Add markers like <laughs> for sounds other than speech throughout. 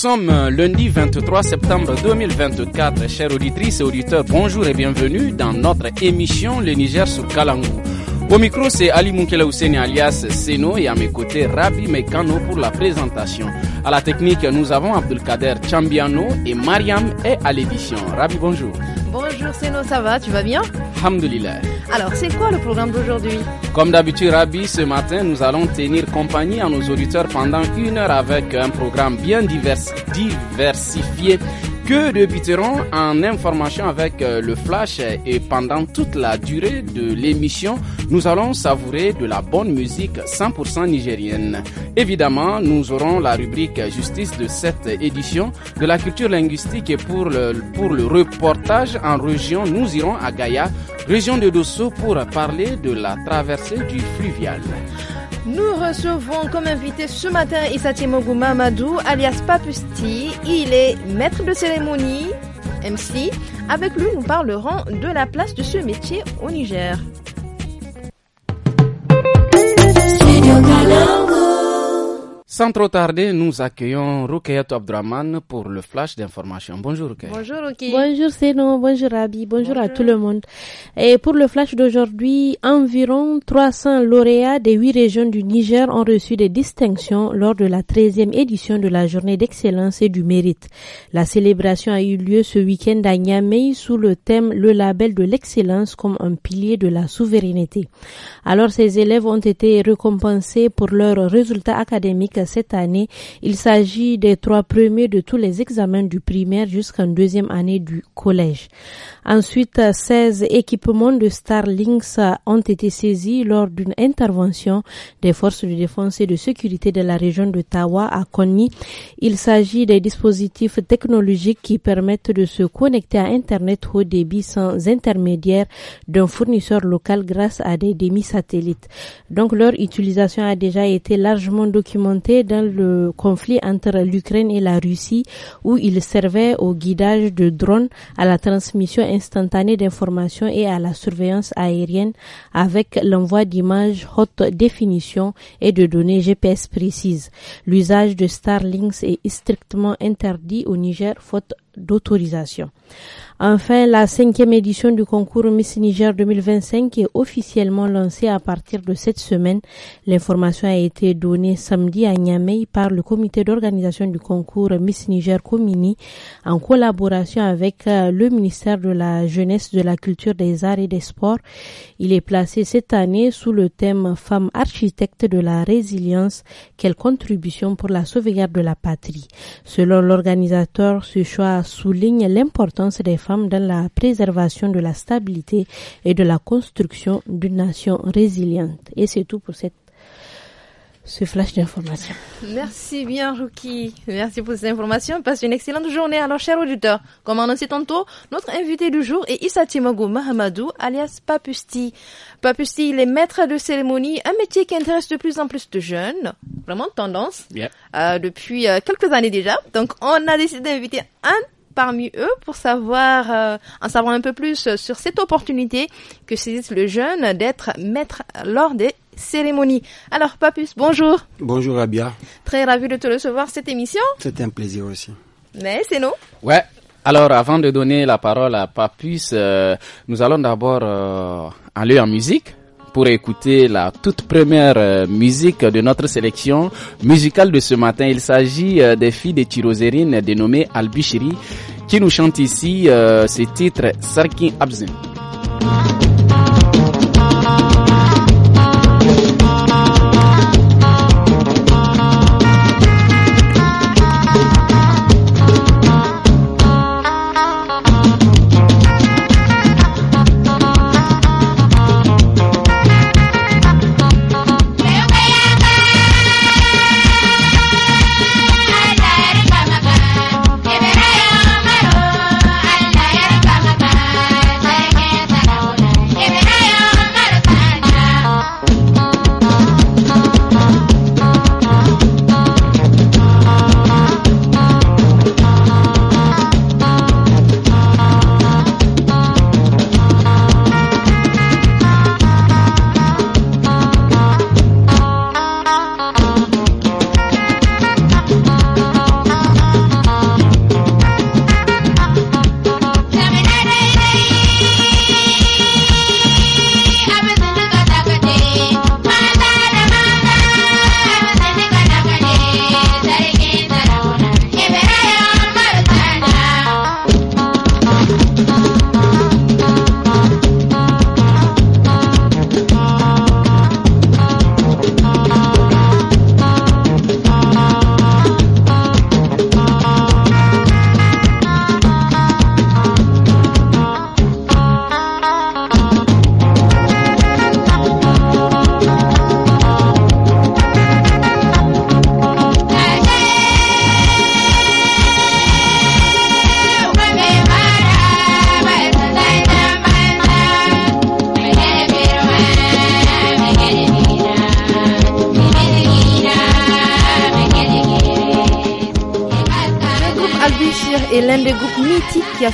sommes euh, lundi 23 septembre 2024. Chères auditrices et auditeurs, bonjour et bienvenue dans notre émission Le Niger sur Kalangou. Au micro, c'est Ali Moukela alias Seno et à mes côtés, Rabi Mekano pour la présentation. À la technique, nous avons Abdelkader Chambiano et Mariam est à l'édition. Rabi, bonjour. Bonjour Seno, ça va Tu vas bien Alhamdulillah. Alors, c'est quoi le programme d'aujourd'hui Comme d'habitude, Rabi, ce matin, nous allons tenir compagnie à nos auditeurs pendant une heure avec un programme bien diversifié que de en information avec euh, le Flash et pendant toute la durée de l'émission, nous allons savourer de la bonne musique 100% nigérienne. Évidemment, nous aurons la rubrique justice de cette édition de la culture linguistique et pour le, pour le reportage en région, nous irons à Gaïa, région de Dosso pour parler de la traversée du fluvial. Nous recevons comme invité ce matin Isati Mamadou, alias Papusti. Il est maître de cérémonie, MC. Avec lui, nous parlerons de la place de ce métier au Niger. Sans trop tarder, nous accueillons Rukayatou Abdraman pour le flash d'information. Bonjour Rukayat. Bonjour Ruki. Bonjour Sénon, bonjour Abi, bonjour, à tout le monde. Et pour le flash d'aujourd'hui, environ 300 lauréats des huit régions du Niger ont reçu des distinctions lors de la 13e édition de la journée d'excellence et du mérite. La célébration a eu lieu ce week-end à Niamey sous le thème Le label de l'excellence comme un pilier de la souveraineté. Alors ces élèves ont été récompensés pour leurs résultats académiques cette année. Il s'agit des trois premiers de tous les examens du primaire jusqu'en deuxième année du collège. Ensuite, 16 équipements de Starlink ont été saisis lors d'une intervention des forces de défense et de sécurité de la région de Tawa à Konni. Il s'agit des dispositifs technologiques qui permettent de se connecter à Internet haut débit sans intermédiaire d'un fournisseur local grâce à des demi-satellites. Donc leur utilisation a déjà été largement documentée dans le conflit entre l'Ukraine et la Russie où il servait au guidage de drones, à la transmission instantanée d'informations et à la surveillance aérienne avec l'envoi d'images haute définition et de données GPS précises. L'usage de Starlinks est strictement interdit au Niger faute d'autorisation. Enfin, la cinquième édition du concours Miss Niger 2025 est officiellement lancée à partir de cette semaine. L'information a été donnée samedi à Niamey par le comité d'organisation du concours Miss Niger Comini en collaboration avec euh, le ministère de la Jeunesse, de la Culture, des Arts et des Sports. Il est placé cette année sous le thème "Femme architecte de la résilience, quelle contribution pour la sauvegarde de la patrie. Selon l'organisateur, ce choix souligne l'importance des femmes dans la préservation de la stabilité et de la construction d'une nation résiliente. Et c'est tout pour cette ce flash d'information. Merci bien, Ruki. Merci pour ces informations. Passe une excellente journée. Alors, chers auditeurs, comme annoncé tantôt, notre invité du jour est Issa Timogou Mahamadou, alias Papusti. Papusti, il est maître de cérémonie, un métier qui intéresse de plus en plus de jeunes. Vraiment tendance. Euh, depuis euh, quelques années déjà. Donc, on a décidé d'inviter un parmi eux pour savoir, euh, en savoir un peu plus sur cette opportunité que saisit le jeune d'être maître lors des cérémonies. Alors, Papus, bonjour. Bonjour, Abia. Très ravi de te recevoir cette émission. C'est un plaisir aussi. Mais c'est nous. Ouais. Alors, avant de donner la parole à Papus, euh, nous allons d'abord euh, aller en musique pour écouter la toute première euh, musique de notre sélection musicale de ce matin. Il s'agit euh, des filles de Tirozérine dénommées Albichiri qui nous chantent ici euh, ce titre Sarkin Abzin.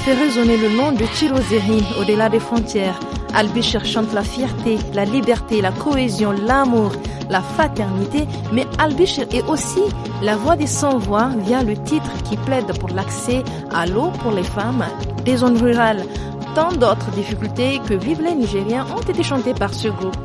fait résonner le nom de Chirozérine au-delà des frontières. Albicher chante la fierté, la liberté, la cohésion, l'amour, la fraternité, mais Albicher est aussi la voix des sans-voix via le titre qui plaide pour l'accès à l'eau pour les femmes des zones rurales. Tant d'autres difficultés que vivent les Nigériens ont été chantées par ce groupe.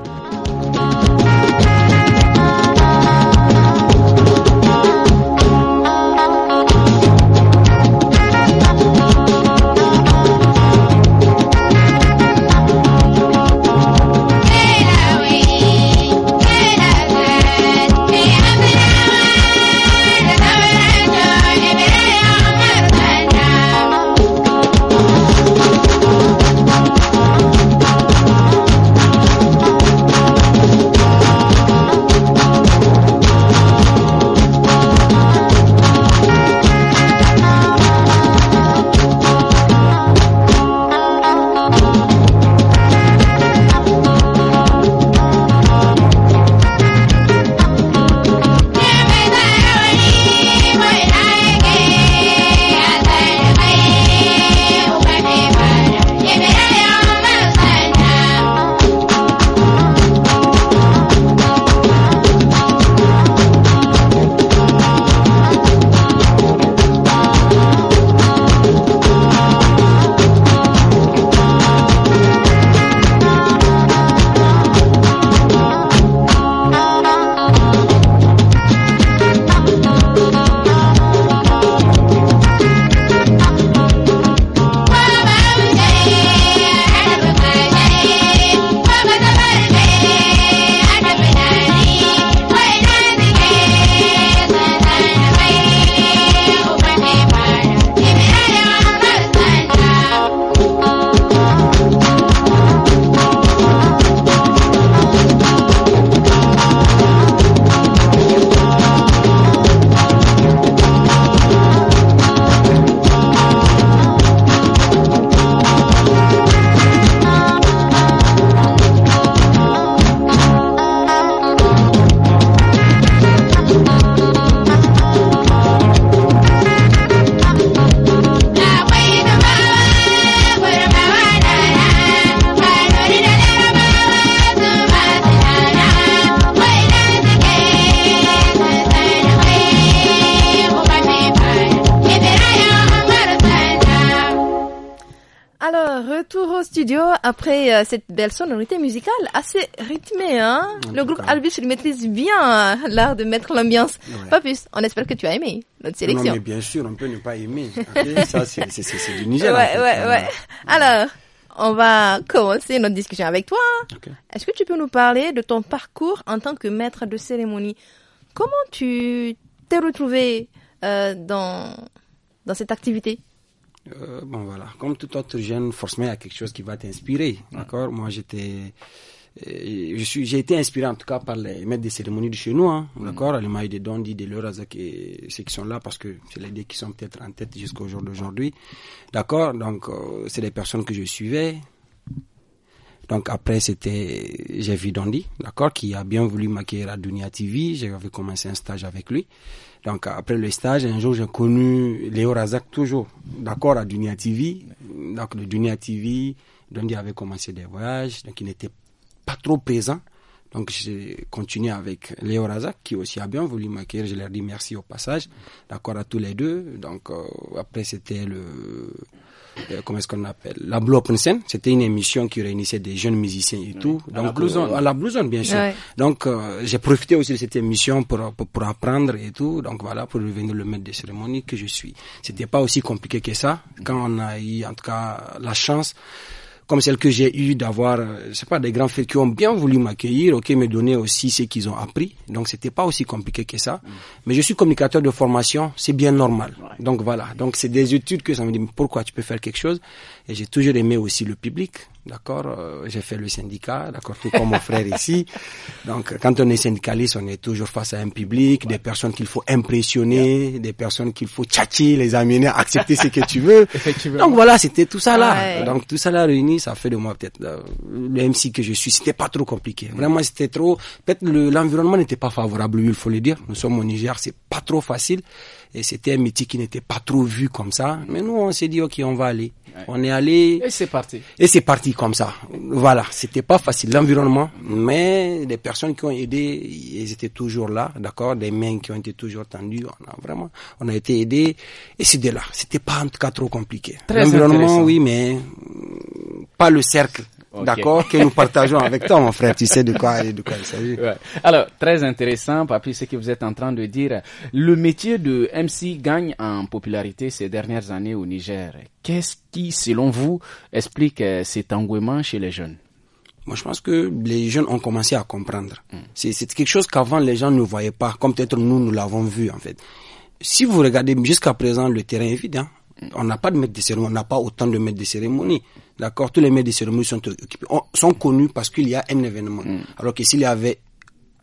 belle sonorité musicale, assez rythmée. Hein ah, le groupe Albus, il maîtrise bien l'art de mettre l'ambiance. Pas plus, on espère que tu as aimé notre sélection. Non, mais bien sûr, on peut ne pas aimer. <laughs> ça, c'est du Niger. Hein. Alors, on va commencer notre discussion avec toi. Est-ce que tu peux nous parler de ton parcours en tant que maître de cérémonie Comment tu t'es retrouvé euh, dans, dans cette activité euh, bon, voilà. Comme tout autre jeune, forcément, il y a quelque chose qui va t'inspirer. D'accord Moi, j'étais. Euh, j'ai été inspiré en tout cas par les maîtres des cérémonies de chez nous, hein, mm. d'accord, les mailles de Dondi, de Lorazak et ceux qui sont là parce que c'est les deux qui sont peut-être en tête jusqu'au jour d'aujourd'hui, d'accord. Donc euh, c'est les personnes que je suivais, donc après, c'était, j'ai vu Dondi, d'accord, qui a bien voulu m'accueillir à Dunia TV. J'avais commencé un stage avec lui. Donc après le stage, un jour j'ai connu Léo Razak toujours, d'accord, à Dunia TV. Donc le Dunia TV, Dondi avait commencé des voyages, donc il n'était pas trop présent. Donc j'ai continué avec Léo Razak qui aussi a bien voulu m'accueillir. Je leur dis merci au passage, d'accord à tous les deux. Donc euh, après c'était le euh, comment est-ce qu'on appelle la Blue Open Scene. C'était une émission qui réunissait des jeunes musiciens et tout. À donc la Blue Zone, euh, à la Blue Zone, bien sûr. Donc euh, j'ai profité aussi de cette émission pour, pour, pour apprendre et tout. Donc voilà pour devenir le maître des cérémonies que je suis. C'était pas aussi compliqué que ça quand on a eu en tout cas la chance comme celle que j'ai eue d'avoir, euh, c'est pas des grands faits qui ont bien voulu m'accueillir, ok, me donner aussi ce qu'ils ont appris. Donc c'était pas aussi compliqué que ça. Mm. Mais je suis communicateur de formation, c'est bien normal. Donc voilà. Donc c'est des études que ça me dit pourquoi tu peux faire quelque chose. Et j'ai toujours aimé aussi le public, d'accord euh, J'ai fait le syndicat, d'accord Tout comme mon <laughs> frère ici. Donc, quand on est syndicaliste, on est toujours face à un public, des personnes qu'il faut impressionner, des personnes qu'il faut tchatcher, les amener à accepter ce que tu veux. <laughs> Donc voilà, c'était tout ça là. Donc tout ça là réuni, ça fait de moi peut-être euh, le MC que je suis. C'était pas trop compliqué. Vraiment, c'était trop. Peut-être l'environnement n'était pas favorable, il faut le dire. Nous sommes au Niger, c'est pas trop facile. Et c'était un métier qui n'était pas trop vu comme ça. Mais nous, on s'est dit, OK, on va aller. On est allé. Et c'est parti. Et c'est parti comme ça. Voilà. C'était pas facile, l'environnement. Mais les personnes qui ont aidé, ils étaient toujours là, d'accord? Des mains qui ont été toujours tendues. On a vraiment, on a été aidé. Et c'est de là. C'était pas en tout cas trop compliqué. L'environnement, oui, mais pas le cercle d'accord, que nous partageons avec toi, mon frère. Tu sais de quoi, il s'agit. Alors, très intéressant, Papy, ce que vous êtes en train de dire. Le métier de MC gagne en popularité ces dernières années au Niger. Qu'est-ce qui, selon vous, explique euh, cet engouement chez les jeunes moi, je pense que les jeunes ont commencé à comprendre. Mm. C'est quelque chose qu'avant les gens ne voyaient pas, comme peut-être nous, nous l'avons vu, en fait. Si vous regardez jusqu'à présent le terrain est vide, hein. mm. on n'a pas de maître de cérémonie, on n'a pas autant de maîtres de cérémonie. D'accord, tous les maîtres de cérémonie sont, sont connus parce qu'il y a un événement. Mm. Alors que s'il y avait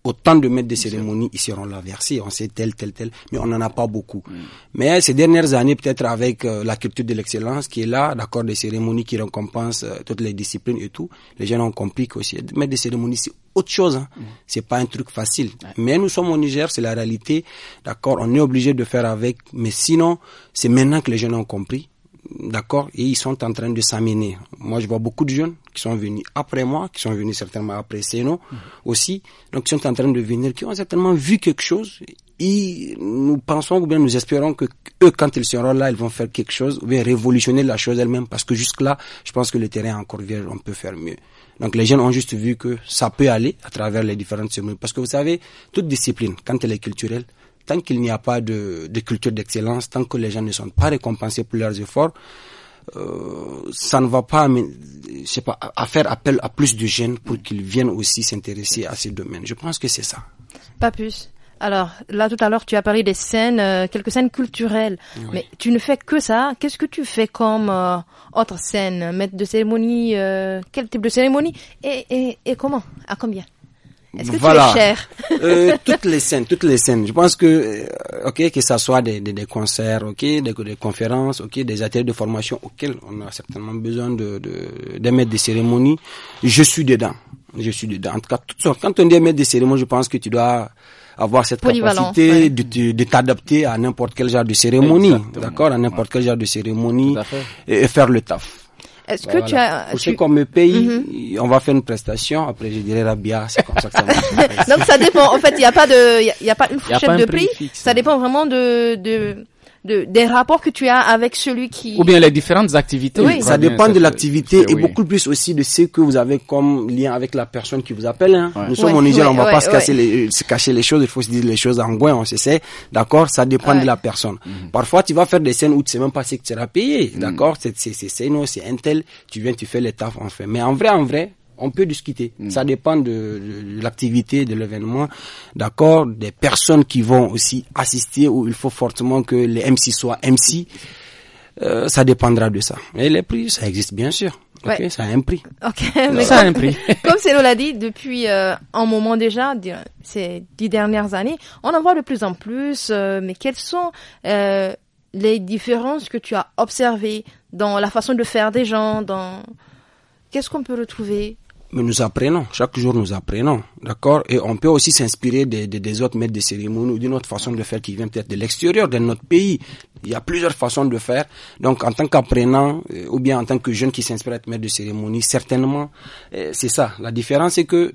autant de maîtres de cérémonie, ils seront là on sait tel, tel, tel, mais on n'en a pas beaucoup. Mm. Mais ces dernières années, peut-être avec euh, la culture de l'excellence qui est là, d'accord, des cérémonies qui récompensent euh, toutes les disciplines et tout, les jeunes ont compris que maître des cérémonies, c'est autre chose. Ce hein. n'est mm. C'est pas un truc facile. Mais nous sommes au Niger, c'est la réalité, d'accord, on est obligé de faire avec, mais sinon, c'est maintenant que les jeunes ont compris d'accord, et ils sont en train de s'amener. Moi, je vois beaucoup de jeunes qui sont venus après moi, qui sont venus certainement après Seno mhm. aussi, donc qui sont en train de venir, qui ont certainement vu quelque chose. Et nous pensons ou bien nous espérons que eux, quand ils seront là, ils vont faire quelque chose ou bien révolutionner la chose elle-même, parce que jusque là, je pense que le terrain est encore vierge, on peut faire mieux. Donc les jeunes ont juste vu que ça peut aller à travers les différentes semaines, parce que vous savez, toute discipline, quand elle est culturelle, tant qu'il n'y a pas de, culture d'excellence, tant que les gens ne sont pas récompensés pour leurs efforts, euh, ça ne va pas, je pas, à faire appel à plus de jeunes pour qu'ils viennent aussi s'intéresser à ces domaines. Je pense que c'est ça. Pas plus. Alors là tout à l'heure tu as parlé des scènes, euh, quelques scènes culturelles, mais tu ne fais que ça. Qu'est-ce que tu fais comme euh, autre scène, maître de cérémonie, quel type de cérémonie et comment, à combien est voilà. Euh, toutes les scènes, toutes les scènes. Je pense que, euh, ok, que ça soit des, des, concerts, ok, des, des, conférences, ok, des ateliers de formation auxquels on a certainement besoin de, de, de mettre je suis dedans. Je suis dedans. En tout cas, Quand on dit maître des cérémonies, je pense que tu dois avoir cette capacité de, de t'adapter à n'importe quel genre de cérémonie, d'accord, à n'importe quel genre de cérémonie, et faire le taf. Est-ce que bah, tu as. parce tu... qu'on me paye, mhm. on va faire une prestation, après je la bière, c'est comme ça que ça <laughs> Donc ça dépend, en fait, il n'y a pas de, il y, a pas une fourchette de prix, ça dépend vraiment de de, des rapports que tu as avec celui qui... Ou bien les différentes activités. Oui. Ça dépend de l'activité et beaucoup plus aussi de ce que vous avez comme lien avec la personne qui vous appelle. Hein. Nous sommes en on ne va pas se, les, euh, se cacher les choses, il faut se dire les choses en goin, on se sait. D'accord Ça dépend de la personne. Mhm. Parfois, tu vas faire des scènes où tu sais même pas ce que tu seras payé. Mhm. D'accord c'est C'est c'est c'est un tel, tu viens, tu fais les taf, fait. Mais en vrai, en vrai, on peut discuter. Mm. Ça dépend de, l'activité, de l'événement, d'accord, des personnes qui vont aussi assister où il faut fortement que les MC soient MC. Euh, ça dépendra de ça. Et les prix, ça existe bien sûr. Ok, ça a un prix. Ok, mais ça a un prix. <laughs> comme Célo l'a dit, depuis euh, un moment déjà, ces dix dernières années, on en voit de plus en plus. Euh, mais quelles sont les différences que tu as observées dans la façon de faire des gens, dans qu'est-ce qu'on peut retrouver mais nous apprenons, chaque jour nous apprenons, d'accord Et on peut aussi s'inspirer des, des, des, autres maîtres de cérémonie ou d'une autre façon de faire qui vient peut-être de l'extérieur, de notre pays. Il y a plusieurs façons de faire. Donc en tant qu'apprenant euh, ou bien en tant que jeune qui s'inspire à être maître de cérémonie, certainement, euh, c'est ça. La différence c'est que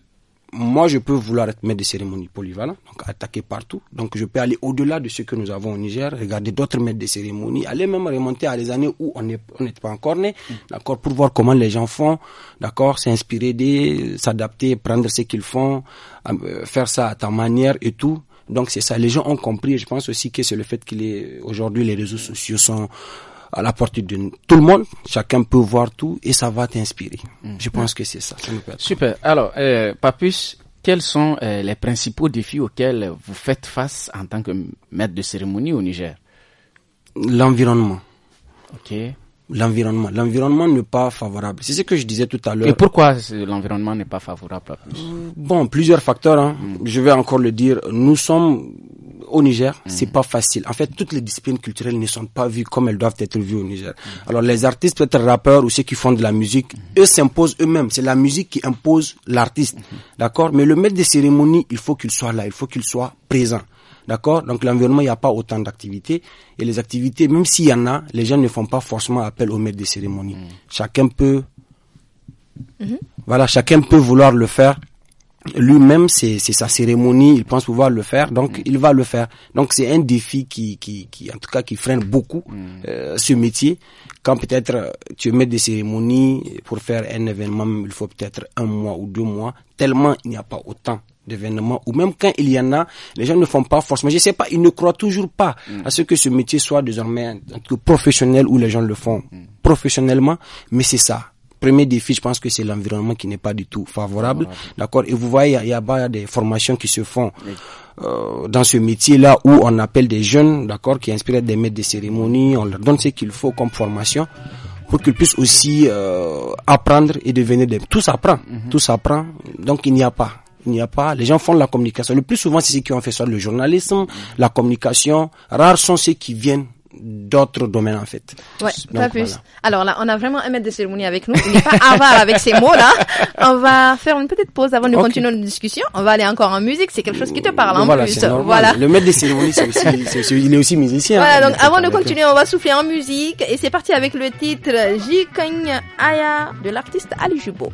moi, je peux vouloir être maître de cérémonie polyvalent, donc attaquer partout. Donc, je peux aller au-delà de ce que nous avons au Niger, regarder d'autres maîtres de cérémonie, aller même remonter à des années où on n'est pas encore né, mm. d'accord, pour voir comment les gens font, d'accord, s'inspirer des, s'adapter, prendre ce qu'ils font, euh, faire ça à ta manière et tout. Donc, c'est ça. Les gens ont compris. Je pense aussi que c'est le fait qu'il est, aujourd'hui, les réseaux sociaux sont, à la portée de tout le monde. Chacun peut voir tout et ça va t'inspirer. Mm-hmm. Je pense que c'est ça. Super. Alors, euh, Papus, quels sont euh, les principaux défis auxquels vous faites face en tant que maître de cérémonie au Niger L'environnement. Ok. L'environnement. L'environnement n'est pas favorable. C'est ce que je disais tout à l'heure. Et pourquoi l'environnement n'est pas favorable euh, Bon, plusieurs facteurs. Hein. Mm. Je vais encore le dire. Nous sommes au Niger, mm. c'est pas facile. En fait, toutes les disciplines culturelles ne sont pas vues comme elles doivent être vues au Niger. Mm. Alors, les artistes, peut-être rappeurs ou ceux qui font de la musique, eux s'imposent eux-mêmes. C'est la musique qui impose l'artiste. Mm-hmm. D'accord? Mais le maître des cérémonies, il faut qu'il soit là, il faut qu'il soit présent. D'accord Donc l'environnement, il n'y a pas autant d'activités. Et les activités, même s'il y en a, les gens ne font pas forcément appel au maître de cérémonies. Mm. Chacun peut... Mm-hmm. Voilà, chacun peut vouloir le faire. Lui-même, c'est sa cérémonie, il pense pouvoir le faire, donc mm. il va le faire. Donc c'est un défi qui, qui, qui, en tout cas, qui freine beaucoup mm. euh, ce métier. Quand peut-être euh, tu mets des cérémonies pour faire un événement, il faut peut-être un mois ou deux mois, tellement il n'y a pas autant d'événements, ou même quand il y en a, les gens ne font pas forcément, je sais pas, ils ne croient toujours pas mm. à ce que ce métier soit désormais professionnel où les gens le font mm. professionnellement, mais c'est ça. Premier défi, je pense que c'est l'environnement qui n'est pas du tout favorable. D'accord Et vous voyez, il y a, il y a des formations qui se font. Euh, dans ce métier-là où on appelle des jeunes, d'accord, qui inspirent des maîtres de cérémonies, on leur donne ce qu'il faut comme formation pour qu'ils puissent aussi euh, apprendre et devenir des... Tout s'apprend, mm-hmm. tout s'apprend, donc il n'y a pas il n'y a pas. Les gens font la communication. Le plus souvent, c'est ceux qui ont fait ça, le journalisme, la communication. Rares sont ceux qui viennent d'autres domaines en fait. Ouais, pas plus. Alors là, on a vraiment un maître de cérémonie avec nous. Il n'est pas avare avec ces mots-là. On va faire une petite pause avant de continuer notre discussion. On va aller encore en musique. C'est quelque chose qui te parle en hein, plus. Voilà. Le maître de cérémonie, c'est <laughs> il est aussi musicien. Voilà. Donc avant de continuer, on va souffler en musique et c'est parti avec le titre Jikeng Aya de l'artiste Ali Jubo.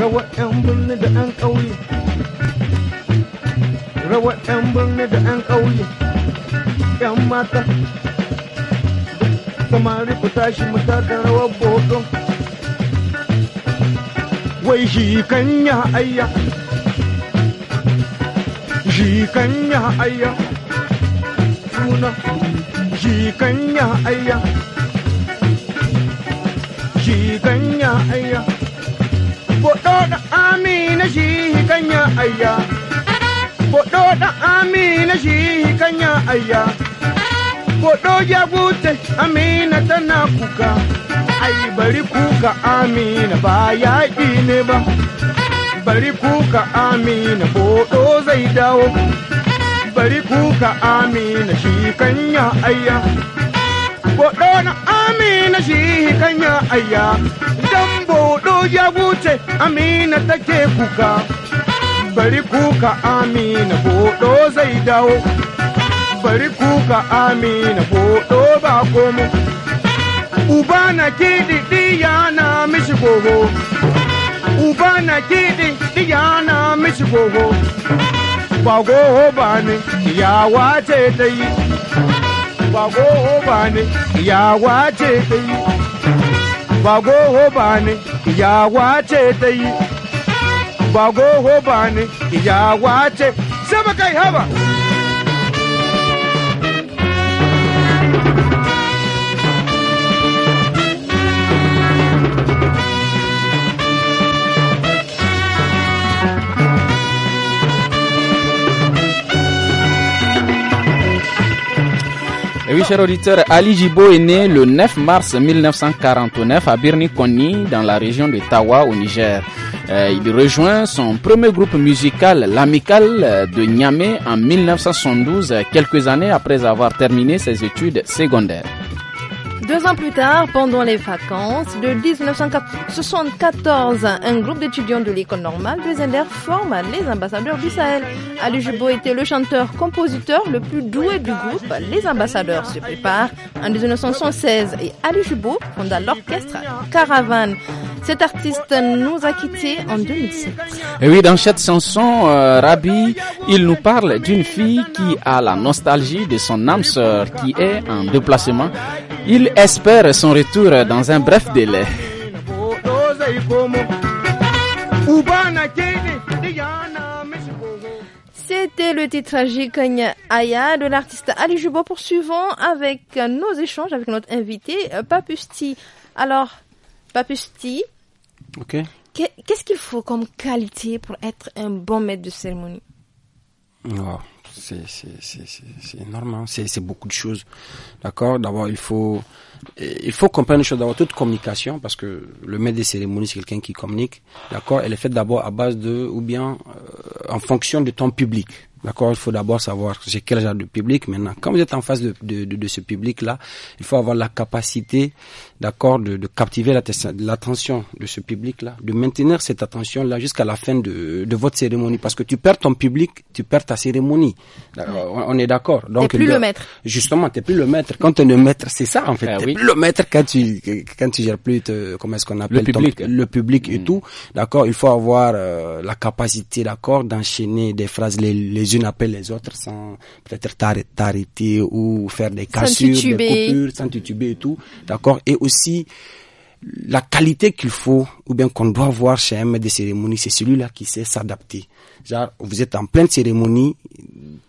Rawa 'yan birni da 'yan ƙauye rawa 'yan birni da 'yan ƙauye 'yan mata samari ku tashi mu taka rawar bodo wai shi kan ya ayya shi kan ya ayya suna shi kan ayya shi kan ayya Boɗo da amina shi kanya aya. Boɗo da amina shi kanya aya. Bodo ya gute amina tana kuka. Ai bari kuka amina ba yaƙi ne ba. Bari kuka amina bodo zai dawo. Bari kuka amina shi kanya aya. Boɗo na amina shi kanya aya. hudu ya wuce amina take kuka bari kuka amina hudu zai dawo bari kuka amina hudu ba komo uba na kiɗi diya na mishi goho uba na kiɗi diya na mishi goho ba goho ba ne yawa ce ta yi ba goho ba ne yawa ce ta yi ba goho ba ni iyawa ce ta yi ba goho ba ni iyawa ce sai kai haba Oui, cher auditeur, Ali Jibo est né le 9 mars 1949 à birni dans la région de Tawa, au Niger. Euh, il rejoint son premier groupe musical, l'Amical de Niamey, en 1972, quelques années après avoir terminé ses études secondaires. Deux ans plus tard, pendant les vacances de 1974, un groupe d'étudiants de l'école normale de Zender forme les ambassadeurs du Sahel. Ali Jubo était le chanteur-compositeur le plus doué du groupe. Les ambassadeurs se préparent en 1976 et Ali Jubo fonda l'orchestre Caravane. Cet artiste nous a quittés en 2007. Et oui, dans cette chanson, euh, Rabbi, il nous parle d'une fille qui a la nostalgie de son âme sœur qui est en déplacement il espère son retour dans un bref délai. C'était le titre tragique Aya de l'artiste Ali Jubo. Poursuivons avec nos échanges avec notre invité euh, Papusti. Alors, Papusti, qu'est-ce qu'il faut comme qualité pour être un bon maître de cérémonie c'est énorme, hein. c'est beaucoup de choses. D'accord D'abord, il faut, eh, il faut comprendre une chose. D'abord, toute communication, parce que le maître des cérémonies, c'est quelqu'un qui communique. D'accord Elle est faite d'abord à base de, ou bien euh, en fonction de ton public. D'accord Il faut d'abord savoir c'est quel genre de public. Maintenant, quand vous êtes en face de, de, de ce public-là, il faut avoir la capacité d'accord, de, de, captiver l'attention de ce public-là, de maintenir cette attention-là jusqu'à la fin de, de, votre cérémonie, parce que tu perds ton public, tu perds ta cérémonie. On, est d'accord. Donc, t'es plus le maître. Justement, t'es plus le maître. Quand t'es le maître, c'est ça en fait. Ah t'es plus le maître quand tu quand tu gères plus, te, comment est-ce qu'on appelle le public, le public et mm. tout. D'accord, il faut avoir euh, la capacité, d'accord, d'enchaîner des phrases les, les unes après les autres sans peut-être t'arrêter ou faire des cassures, des coupures, sans tétuber et tout. D'accord, et aussi aussi la qualité qu'il faut ou bien qu'on doit voir chez un maître de cérémonie, c'est celui-là qui sait s'adapter. Genre, vous êtes en pleine cérémonie,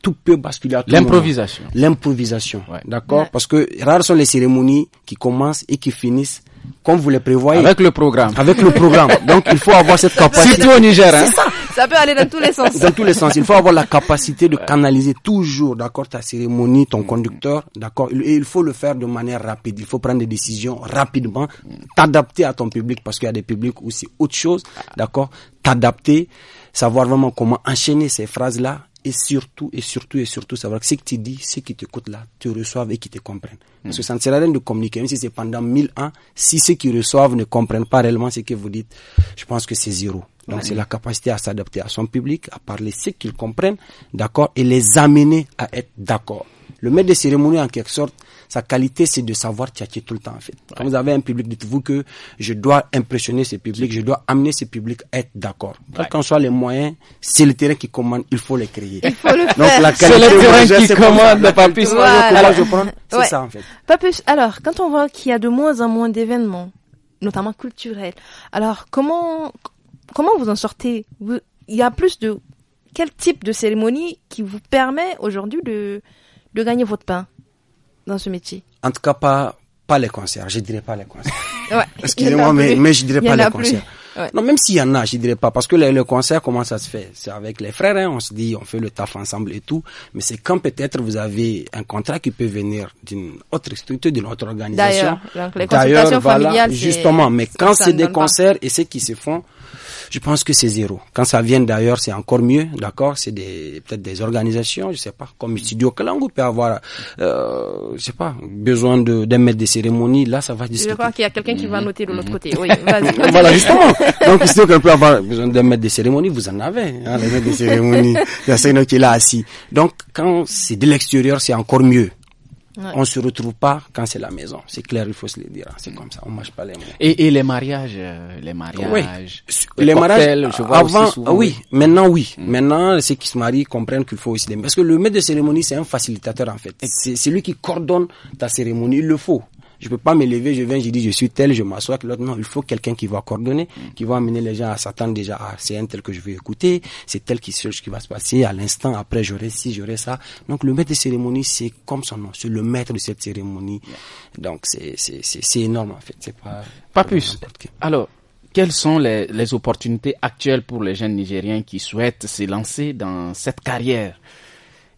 tout peut basculer à tout L'improvisation. L'improvisation, d'accord Parce que rares sont les cérémonies qui commencent et qui finissent comme vous le prévoyez. Avec le programme. Avec le programme. <laughs> Donc il faut avoir cette capacité. Surtout au Niger. Hein. Ça. ça. peut aller dans tous les sens. Dans tous les sens. Il faut avoir la capacité de canaliser toujours, d'accord, ta cérémonie, ton conducteur, d'accord. Et il faut le faire de manière rapide. Il faut prendre des décisions rapidement, t'adapter à ton public parce qu'il y a des publics aussi. autre chose, d'accord. T'adapter, savoir vraiment comment enchaîner ces phrases-là et surtout, et surtout, et surtout savoir que ce que tu dis, ce qui t'écoutent là, te reçoivent et qui te comprennent. Parce que ça ne sert à rien de communiquer, même si c'est pendant mille ans, si ceux qui reçoivent ne comprennent pas réellement ce que vous dites, je pense que c'est zéro. Donc c'est la capacité à s'adapter à son public, à parler ce qu'ils comprennent, d'accord, et les amener à être d'accord. Le maître de cérémonie, en quelque sorte, sa qualité, c'est de savoir tchatcher tout le temps, en fait. Quand vous avez un public, dites-vous que je dois impressionner ce public, je dois amener ce public à être d'accord. Quels qu'en soient les moyens, c'est le terrain qui commande, il faut les créer. Il faut le <laughs> Donc, La qualité, c'est le terrain qui commande, pas prends, C'est ça, en fait. Papus, alors, quand on voit qu'il y a de moins en moins d'événements, notamment culturels, alors, comment, comment vous en sortez? il y a plus de quel type de cérémonie qui vous permet aujourd'hui de, de gagner votre pain dans ce métier En tout cas, pas, pas les concerts. Je dirais pas les concerts. <laughs> Excusez-moi, mais, mais je dirais pas les concerts. Non, même s'il y en a, je dirais pas, parce que le, le concert, comment ça se fait C'est avec les frères, hein, on se dit, on fait le taf ensemble et tout, mais c'est quand peut-être vous avez un contrat qui peut venir d'une autre structure, d'une autre organisation. D'ailleurs, les voilà, justement, mais quand c'est des concerts et ceux qui se font, je pense que c'est zéro. Quand ça vient d'ailleurs, c'est encore mieux, d'accord C'est des peut-être des organisations, je sais pas, comme Studio vous peut avoir, euh, je sais pas, besoin de d'un maître de cérémonie. Là, ça va. Discuter. Je crois qu'il y a quelqu'un qui va noter de l'autre mhm. côté. <laughs> Oui, vas-y. voilà, justement. <laughs> Donc, c'est qu'on peut avoir besoin d'un maître de cérémonie, vous en avez, hein, le maître de cérémonie. Il y a qui est là assis. Donc, quand c'est de l'extérieur, c'est encore mieux. Ouais. On se retrouve pas quand c'est la maison. C'est clair, il faut se le dire. Hein. C'est comme ça. On mange pas les mots. Et, les mariages, euh, les mariages. Les, mariages. avant, oui. Maintenant, oui. Mm. Maintenant, ceux qui se marient comprennent qu'il faut aussi les. Parce que le maître de cérémonie, c'est un facilitateur en fait. C'est lui qui coordonne ta cérémonie. Il le faut. Je peux pas me lever, je viens, je dis je suis tel, je m'assois que l'autre. Non, il faut quelqu'un qui va coordonner, mm. qui va amener les gens à s'attendre déjà à c'est un tel que je veux écouter, c'est tel qui ce qui va se passer à l'instant après j'aurai ci, j'aurai ça. Donc le maître de cérémonie, c'est comme son nom, c'est le maître de cette cérémonie. Donc c'est c'est c'est énorme en fait, c'est pas pas plus. Alors quelles sont les, les opportunités actuelles pour les jeunes Nigériens qui souhaitent se lancer dans cette carrière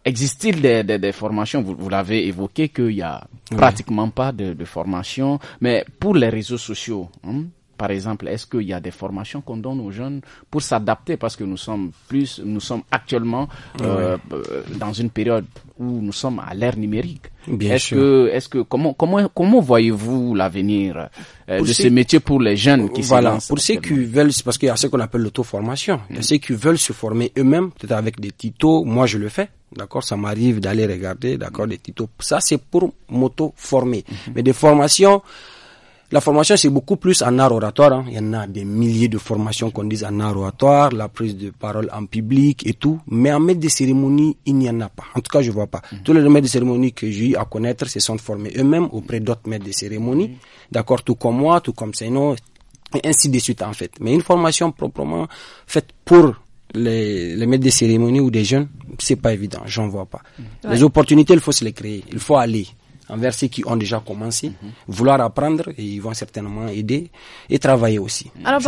Existe-t-il des, formations Vous, l'avez évoqué qu'il y a pratiquement pas de, de, formation, mais pour les réseaux sociaux, hein, par exemple, est-ce qu'il y a des formations qu'on donne aux jeunes pour s'adapter Parce que nous sommes plus, nous sommes actuellement euh, euh, dans une période où nous sommes à l'ère numérique. Bien est-ce que, est-ce que comment comment comment voyez-vous l'avenir euh, de ces métiers pour les jeunes qui voilà pour ceux qui veulent parce qu'il y a ce qu'on appelle l'auto-formation, mm. ceux qui veulent se former eux-mêmes peut-être avec des tutos. Moi, je le fais D'accord, ça m'arrive d'aller regarder, d'accord, des titres. Ça, c'est pour moto former Mais des formations, la formation, c'est beaucoup plus en art oratoire. Hein. Il y en a des milliers de formations qu'on dit en art oratoire, la prise de parole en public et tout. Mais en maître de cérémonie, il n'y en a pas. En tout cas, je vois pas. Mm-hmm. Tous les maîtres de cérémonie que j'ai eu à connaître se sont formés eux-mêmes auprès d'autres maîtres de cérémonie. Mm-hmm. D'accord, tout comme moi, tout comme Seno, et ainsi de suite, en fait. Mais une formation proprement faite pour les, les maîtres de cérémonie ou des jeunes, c'est pas évident, j'en vois pas. Les opportunités, il faut se les créer, il faut aller envers ceux qui ont déjà commencé, mhm. vouloir apprendre et ils vont certainement aider et travailler aussi. Mm. Alors,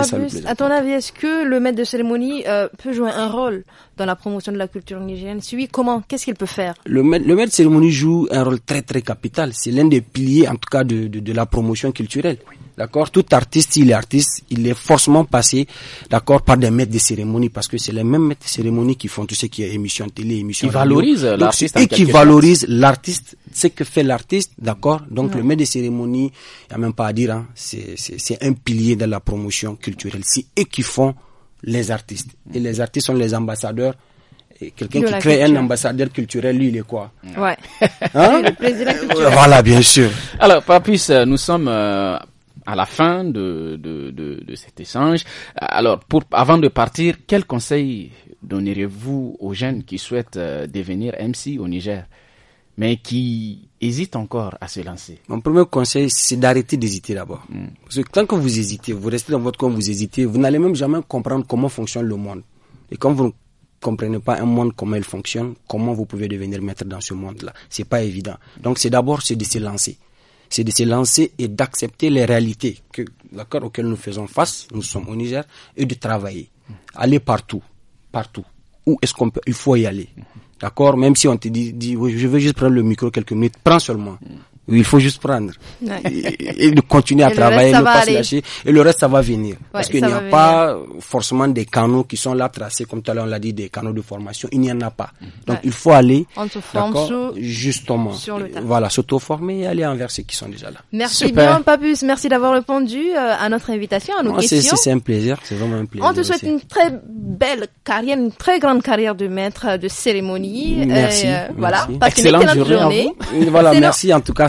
à ton avis, est-ce que le maître de cérémonie euh, peut jouer un rôle dans la promotion de la culture nigérienne Si oui, comment Qu'est-ce qu'il peut faire le maître, le maître, de cérémonie joue un rôle très très capital. C'est l'un des piliers, en tout cas, de, de, de la promotion culturelle. D'accord Tout artiste, il est artiste, il est forcément passé, d'accord, par des maîtres de cérémonie, parce que c'est les mêmes maîtres de cérémonie qui font tout ce qui est émission télé, émission. Qui valorisent l'artiste. Et qui valorisent l'artiste, ce que fait l'artiste, d'accord Donc le maître de cérémonie, il n'y a même pas à dire, hein, c'est un pilier de la promotion culturelle. C'est eux qui font les artistes. Et les artistes sont les ambassadeurs quelqu'un qui crée un ambassadeur culturel, lui, il est quoi Ouais. Hein? le président Voilà, bien sûr. Alors, plus, euh, nous sommes euh, à la fin de, de, de, cet échange. Alors, pour, avant de partir, quel conseil donneriez-vous aux jeunes qui souhaitent euh, devenir MC au Niger, mais qui hésitent encore à se lancer Mon premier conseil, c'est d'arrêter d'hésiter d'abord. Mm. Parce que tant que vous hésitez, vous restez dans votre coin, vous hésitez, vous n'allez même jamais comprendre comment fonctionne le monde. Et quand vous ne comprenez pas un monde comment il fonctionne, comment vous pouvez devenir maître dans ce monde-là, c'est pas évident. Donc c'est d'abord c'est de se lancer c'est de se lancer et d'accepter les réalités que nous faisons face, nous sommes au Niger, et de travailler. Aller partout, partout. Où est-ce qu'on peut Il faut y aller. D'accord Même si on te dit, je veux juste prendre le micro quelques minutes, prends seulement il faut juste prendre et, de continuer à travailler, ne pas se lâcher et le reste ça va venir parce qu'il n'y a pas forcément des canaux qui sont là tracés comme tout à l'heure on l'a dit des canaux de formation, il n'y en a pas. Mm-hmm. Donc il faut aller justement voilà s'auto-former et aller envers ceux qui sont déjà là. Merci bien Papus, merci d'avoir répondu euh, à notre invitation, à nos questions. C'est un plaisir, c'est vraiment un plaisir. On te souhaite une très belle carrière, une très grande carrière de maître de cérémonie. Merci. Euh, voilà, Excellente, journée. Voilà, merci en tout cas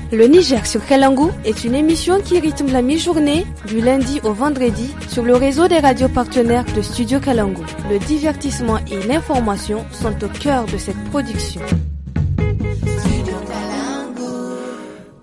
Le Niger sur Kalangu est une émission qui rythme la mi-journée du lundi au vendredi sur le réseau des radios partenaires de Studio Kalangu. Le divertissement et l'information sont au cœur de cette production.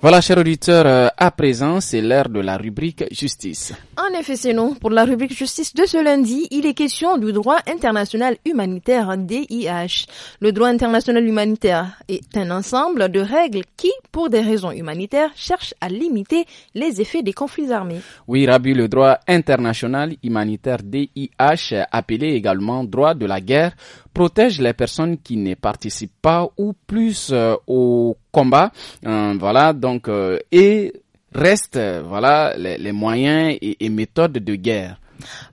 Voilà, chers auditeurs, euh, à présent, c'est l'heure de la rubrique Justice. En effet, c'est non. Pour la rubrique justice de ce lundi, il est question du droit international humanitaire DIH. Le droit international humanitaire est un ensemble de règles qui, pour des raisons humanitaires, cherchent à limiter les effets des conflits armés. Oui, Rabi, le droit international humanitaire DIH, appelé également droit de la guerre, protège les personnes qui ne participent pas ou plus euh, au combat. Euh, voilà, donc, euh, et Reste, euh, voilà, les, moyens et, méthodes de guerre.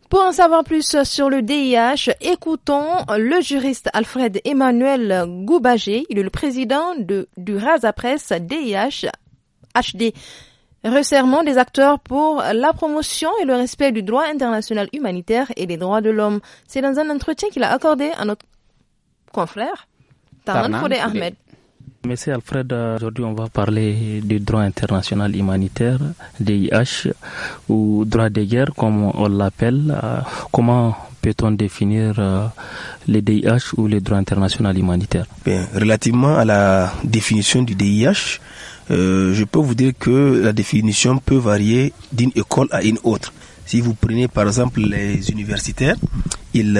Pour en savoir plus sur le DIH, écoutons le juriste Alfred Emmanuel Goubagé. Il est le président du Raza Presse DIH HD. Resserrement des acteurs pour la promotion et le respect du droit international humanitaire et des droits de l'homme. C'est dans un entretien qu'il a accordé à notre confrère, Tarnan Foudé Ahmed. Monsieur Alfred, euh, aujourd'hui on va parler du droit international humanitaire, DIH, ou droit de guerre comme on l'appelle. Euh, comment peut-on définir euh, le DIH ou le droit international humanitaire Relativement à la définition du DIH, je peux vous dire que la définition peut varier d'une école à une autre. Si vous prenez par exemple les universitaires, ils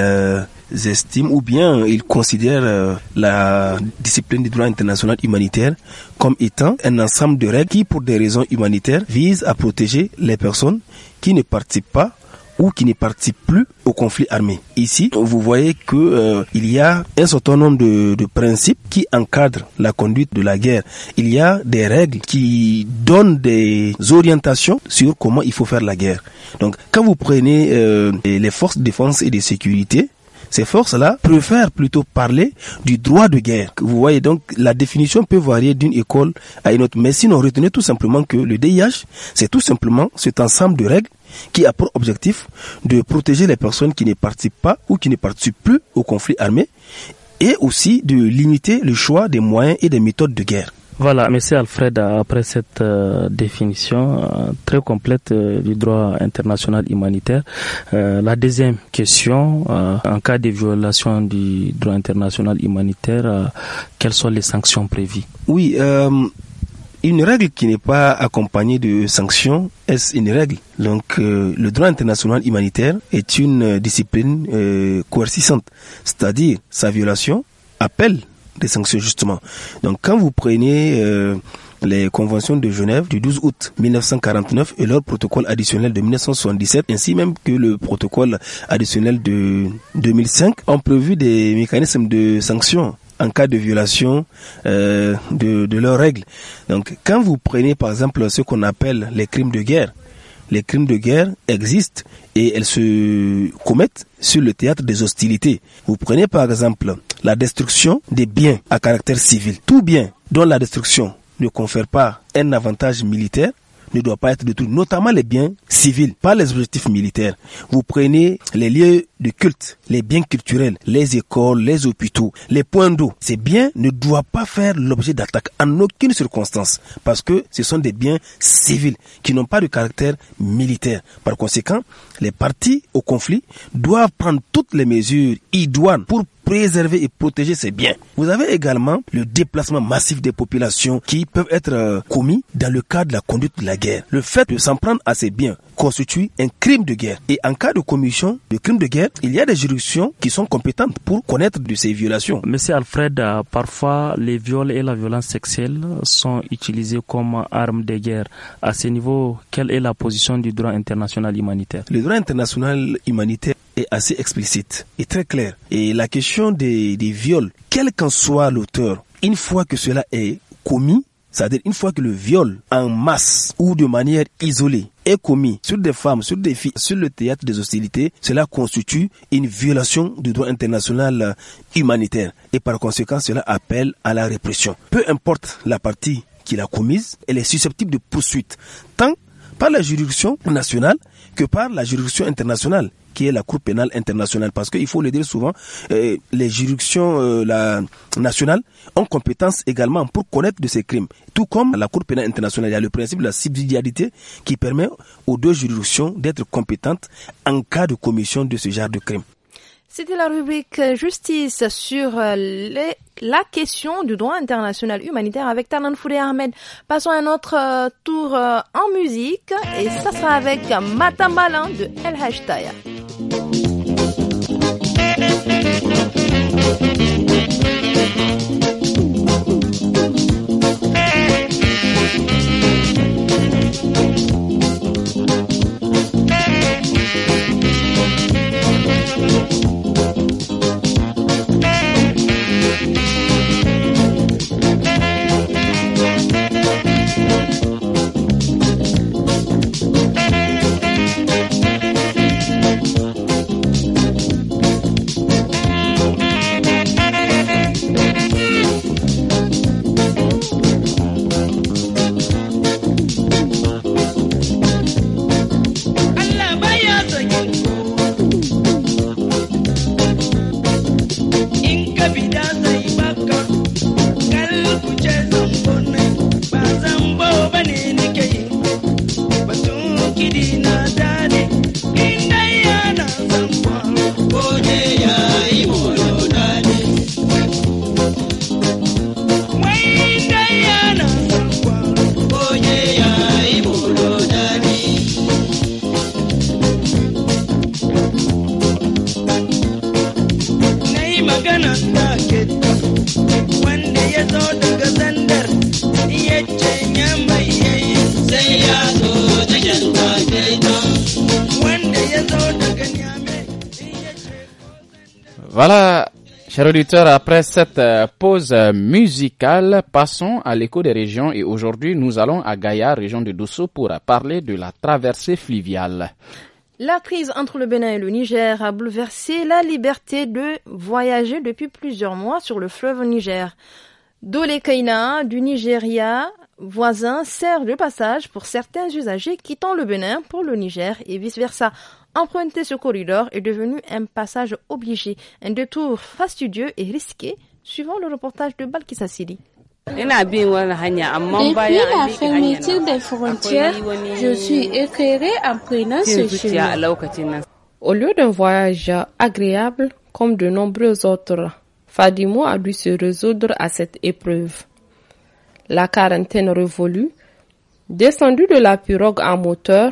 estiment ou bien ils considèrent euh, la discipline du droit international humanitaire comme étant un ensemble de règles qui, pour des raisons humanitaires, visent à protéger les personnes qui ne participent pas ou qui ne participent plus au conflit armé. Ici, vous voyez que euh, il y a un certain nombre de, de, principes qui encadrent la conduite de la guerre. Il y a des règles qui donnent des orientations sur comment il faut faire la guerre. Donc, quand vous prenez euh, les forces de défense et de sécurité, ces forces-là préfèrent plutôt parler du droit de guerre. Vous voyez donc, la définition peut varier d'une école à une autre. Mais sinon, retenez tout simplement que le DIH, c'est tout simplement cet ensemble de règles qui a pour objectif de protéger les personnes qui ne participent pas ou qui ne participent plus au conflit armé et aussi de limiter le choix des moyens et des méthodes de guerre. Voilà, merci Alfred, après cette euh, définition euh, très complète euh, du droit international humanitaire, la deuxième question, en cas de violation du droit international humanitaire, quelles sont les sanctions prévues Oui, une règle qui n'est pas accompagnée de sanctions est une règle. Donc le droit international humanitaire est une discipline coercissante, c'est-à-dire sa violation appelle des sanctions justement. Donc quand vous prenez euh, les conventions de Genève du 12 août 1949 et leur protocole additionnel de 1977, ainsi même que le protocole additionnel de 2005, ont prévu des mécanismes de sanctions en cas de violation euh, de, de leurs règles. Donc quand vous prenez par exemple ce qu'on appelle les crimes de guerre, les crimes de guerre existent et elles se commettent sur le théâtre des hostilités. Vous prenez par exemple la destruction des biens à caractère civil. Tout bien dont la destruction ne confère pas un avantage militaire ne doit pas être détruit, notamment les biens civils, pas les objectifs militaires. Vous prenez les lieux de culte les biens culturels, les écoles, les hôpitaux, les points d'eau. Ces biens ne doivent pas faire l'objet d'attaques en aucune circonstance parce que ce sont des biens civils qui n'ont pas de caractère militaire. Par conséquent, les parties au conflit doivent prendre toutes les mesures idoines pour préserver et protéger ces biens. Vous avez également le déplacement massif des populations qui peuvent être euh, commis dans le cadre de la conduite de la guerre. Le fait de s'en prendre à ces biens constitue un crime de guerre. Et en cas de commission de crime de guerre, il y a des juridictions qui sont compétentes pour connaître de ces violations. Monsieur Alfred, euh, parfois les viols et la violence sexuelle sont utilisés comme armes de guerre. À ce niveau, quelle est la position du droit international humanitaire Le droit international humanitaire est assez explicite et très clair. Et la question des viols, quel qu'en soit l'auteur, une fois que cela est commis, c'est-à-dire une fois que le viol en masse ou de manière isolée est commis sur des femmes, sur des filles, sur le théâtre des hostilités, cela constitue une violation du droit international humanitaire et par conséquent cela appelle à la répression. Peu importe la partie qui l'a commise, elle est susceptible de poursuite tant par la juridiction nationale que par la juridiction internationale, qui est la Cour pénale internationale. Parce qu'il faut le dire souvent, euh, les juridictions euh, la, nationales ont compétence également pour connaître de ces crimes. Tout comme la Cour pénale internationale, il y a le principe de la subsidiarité qui permet aux deux juridictions d'être compétentes en cas de commission de ce genre de crime. C'était la rubrique euh, justice sur euh, la question du droit international humanitaire avec Talan Foudé Ahmed. Passons à autre euh, tour en musique et ça sera avec Matambalan de El Hashtaya. Chers après cette euh, pause musicale, passons à l'écho des régions et aujourd'hui nous allons à Gaïa, région de Dosso, pour parler de la traversée fluviale. La crise entre le Bénin et le Niger a bouleversé la liberté de voyager depuis plusieurs mois sur le fleuve Niger. Kaina du Nigeria voisin sert de passage pour certains usagers quittant le Bénin pour le Niger et vice-versa. Emprunter ce corridor est devenu un passage obligé, un détour fastidieux et risqué, suivant le reportage de Balkissa Depuis des frontières, je suis en prenant ce chemin. Au lieu d'un voyage agréable, comme de nombreux autres, Fadimo a dû se résoudre à cette épreuve. La quarantaine révolue, descendu de la pirogue en moteur,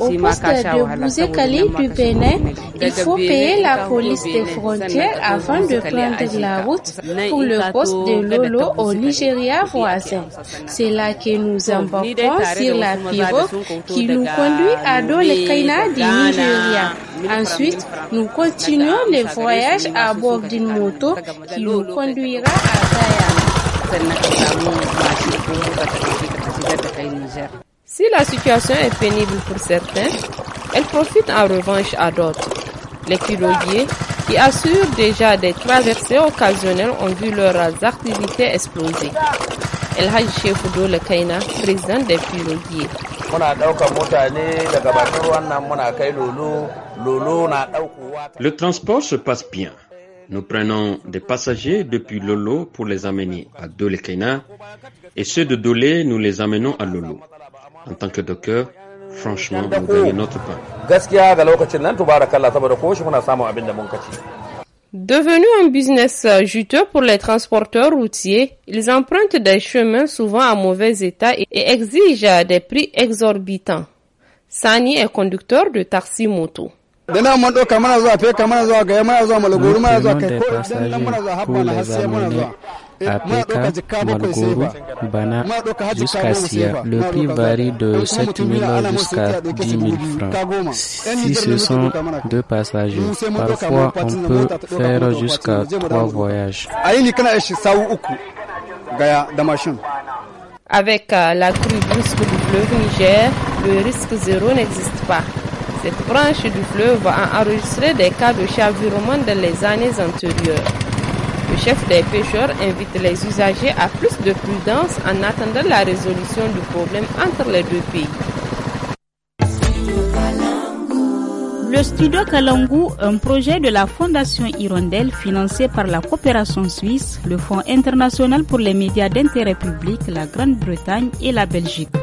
Au poste de Bouzekali du Bénin, il faut payer la police des frontières avant de prendre la route pour le poste de Lolo au Nigeria voisin. C'est là que nous embarquons sur la pirogue qui nous conduit à Dole-Kaina du Nigeria. Ensuite, nous continuons le voyage à bord d'une moto qui nous conduira à Kaya. Si la situation est pénible pour certains, elle profite en revanche à d'autres. Les piroguiers, qui assurent déjà des traversées occasionnelles, ont vu leurs activités exploser. El présente des Le transport se passe bien. Nous prenons des passagers depuis Lolo pour les amener à Dolekaina et ceux de Dole, nous les amenons à Lolo en tant que docteur franchement vous gagnez notre pain. Devenu un business juteux pour les transporteurs routiers, ils empruntent des chemins souvent en mauvais état et exigent des prix exorbitants. Sani est conducteur de taxi moto. Eh, Apeka, Malgourou, Bana jusqu'à Sia. Le prix varie de 7 000 jusqu'à 10 000 francs. Si ce sont deux passagers, parfois on peut faire jusqu'à trois voyages. Avec euh, la crue brusque du fleuve Niger, le risque zéro n'existe pas. Cette branche du fleuve a enregistré des cas de chavirement dans les années antérieures. Le chef des pêcheurs invite les usagers à plus de prudence en attendant la résolution du problème entre les deux pays. Le studio Kalangu, un projet de la Fondation Hirondelle financé par la coopération suisse, le Fonds international pour les médias d'intérêt public, la Grande-Bretagne et la Belgique.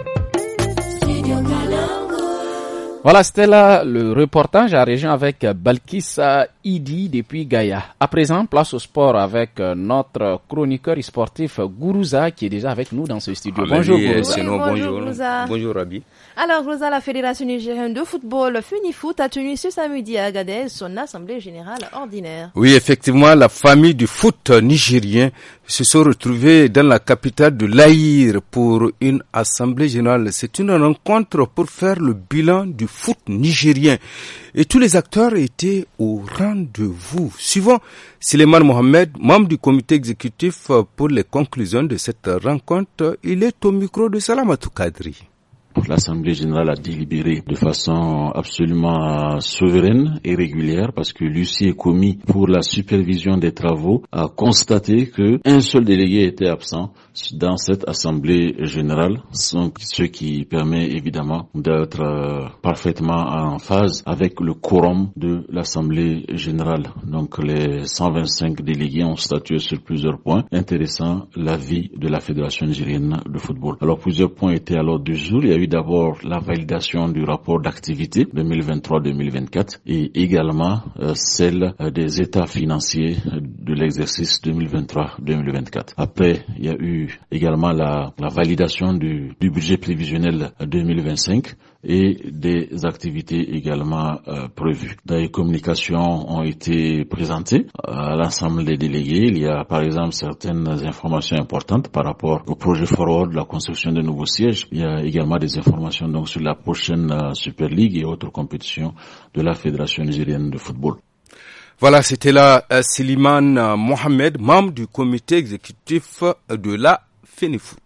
Voilà, Stella, le reportage à région avec Balkissa Idi depuis Gaïa. À présent, place au sport avec euh, notre chroniqueur sportif Gourouza qui est déjà avec nous dans ce studio. Ah, ben bonjour, oui, euh, Gourouza. bonjour, hein. bonjour, Rabi. Alors Gourouza, la Fédération nigérienne de football Funifoot a tenu ce samedi à Agadez son assemblée générale ordinaire. Oui, effectivement, la famille du foot nigérien se sont retrouvés dans la capitale de l'Aïr pour une assemblée générale. C'est une rencontre pour faire le bilan du foot nigérien et tous les acteurs étaient au rang de vous. Suivant Sileman Mohamed, membre du comité exécutif euh, pour les conclusions de cette rencontre. Il est au micro de Salamatou Kadri. L'Assemblée générale a délibéré de façon absolument euh, souveraine et régulière parce que Lucie est commis pour la supervision des travaux a constaté que un seul délégué était absent dans cette assemblée générale sont ce qui permet évidemment d'être euh, parfaitement en phase avec le quorum de l'assemblée générale. Donc les 125 délégués ont statué sur plusieurs points intéressant l'avis de la Fédération nigérienne de football. Alors plusieurs points étaient à l'ordre du jour. Il y a eu d'abord la validation du rapport d'activité 2023-2024 et également euh, celle euh, des états financiers de l'exercice 2023-2024. Après, il y a eu également la, la validation du, du, budget prévisionnel 2025 et des activités également euh, prévues. Des communications ont été présentées à l'ensemble des délégués. Il y a par exemple certaines informations importantes par rapport au projet Forward, la construction de nouveaux sièges. Il y a également des informations donc sur la prochaine euh, Super League et autres compétitions de la Fédération nigérienne de football. Voilà, c'était là euh, Siliman euh, Mohamed, membre du comité exécutif euh, de la Foot.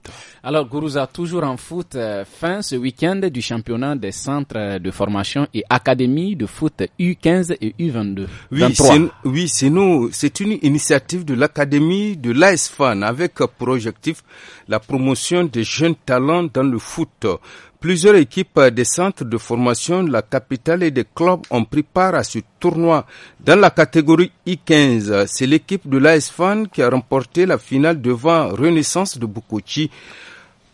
Alors, Gourouza, toujours en foot, fin ce week-end du championnat des centres de formation et académie de foot U15 et U22. Oui, c'est nous. C'est une initiative de l'académie de l'ASFAN avec objectif la promotion des jeunes talents dans le foot. Plusieurs équipes des centres de formation de la capitale et des clubs ont pris part à ce tournoi. Dans la catégorie I-15, c'est l'équipe de l'AS qui a remporté la finale devant Renaissance de Bukuchi.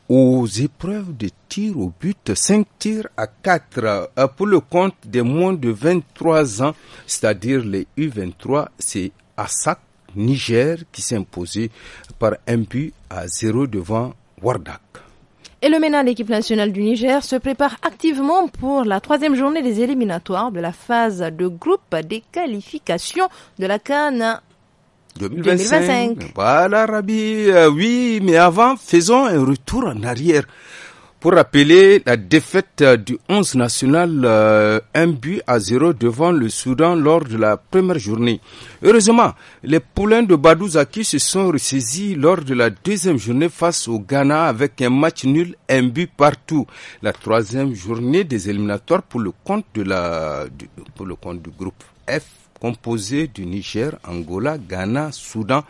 aux épreuves de tir au but, 5 tirs à 4 euh, pour le compte des moins de 23 ans, c'est-à-dire les U23, c'est Assak Niger qui s'est imposé par un but à 0 devant Wardak. Et le MENA, l'équipe nationale du Niger, se prépare activement pour la troisième journée des éliminatoires de la phase de groupe des qualifications de la Cannes 2025. Voilà, Rabi. Euh, oui, mais avant, faisons un retour en arrière. Pour rappeler la défaite euh, du 11 national, euh, un but à zéro devant le Soudan lors de la première journée. Heureusement, les poulains de Badouzaki se sont ressaisis lors de la deuxième journée face au Ghana avec un match nul, un but partout. La troisième journée des éliminatoires pour le compte de la, pour le compte du groupe F composé du Niger, Angola, Ghana, Soudan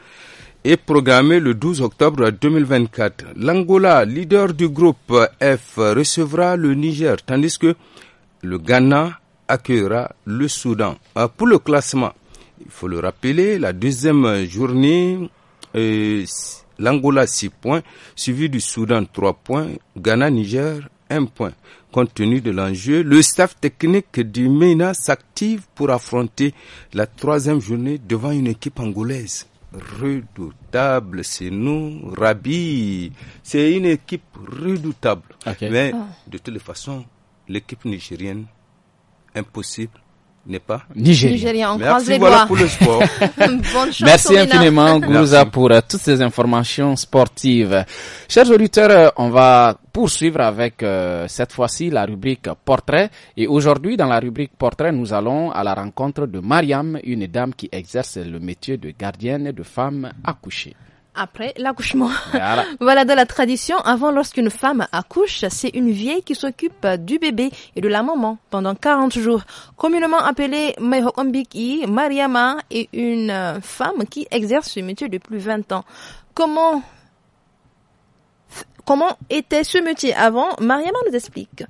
est programmé le 12 octobre 2024. L'Angola, leader du groupe F, recevra le Niger, tandis que le Ghana accueillera le Soudan. Euh, pour le classement, il faut le rappeler, la deuxième journée, euh, l'Angola 6 points, suivi du Soudan 3 points, Ghana, Niger 1 point. Compte tenu de l'enjeu, le staff technique du MENA s'active pour affronter la troisième journée devant une équipe angolaise redoutable, c'est nous, Rabi. C'est une équipe redoutable. Mais ah. de toutes les façons, l'équipe nigérienne, impossible n'est pas Nigérien. Pour le sport. <laughs> <laughs> Merci infiniment, <laughs> Gouza, pour euh, toutes ces informations sportives. Chers auditeurs, euh, on va poursuivre avec euh, cette fois-ci la rubrique portrait. Et aujourd'hui, dans la rubrique portrait, nous allons à la rencontre de Mariam, une dame qui exerce le métier de gardienne de femmes accouchées après l'accouchement. <laughs> Voilà. de la tradition. Avant, lorsqu'une femme accouche, c'est une vieille qui s'occupe du bébé et de la maman pendant 40 jours. Communément appelée Mehokombiki, Mariama est une euh, femme qui exerce ce métier depuis 20 ans. Comment, comment était ce métier avant? Mariama nous explique.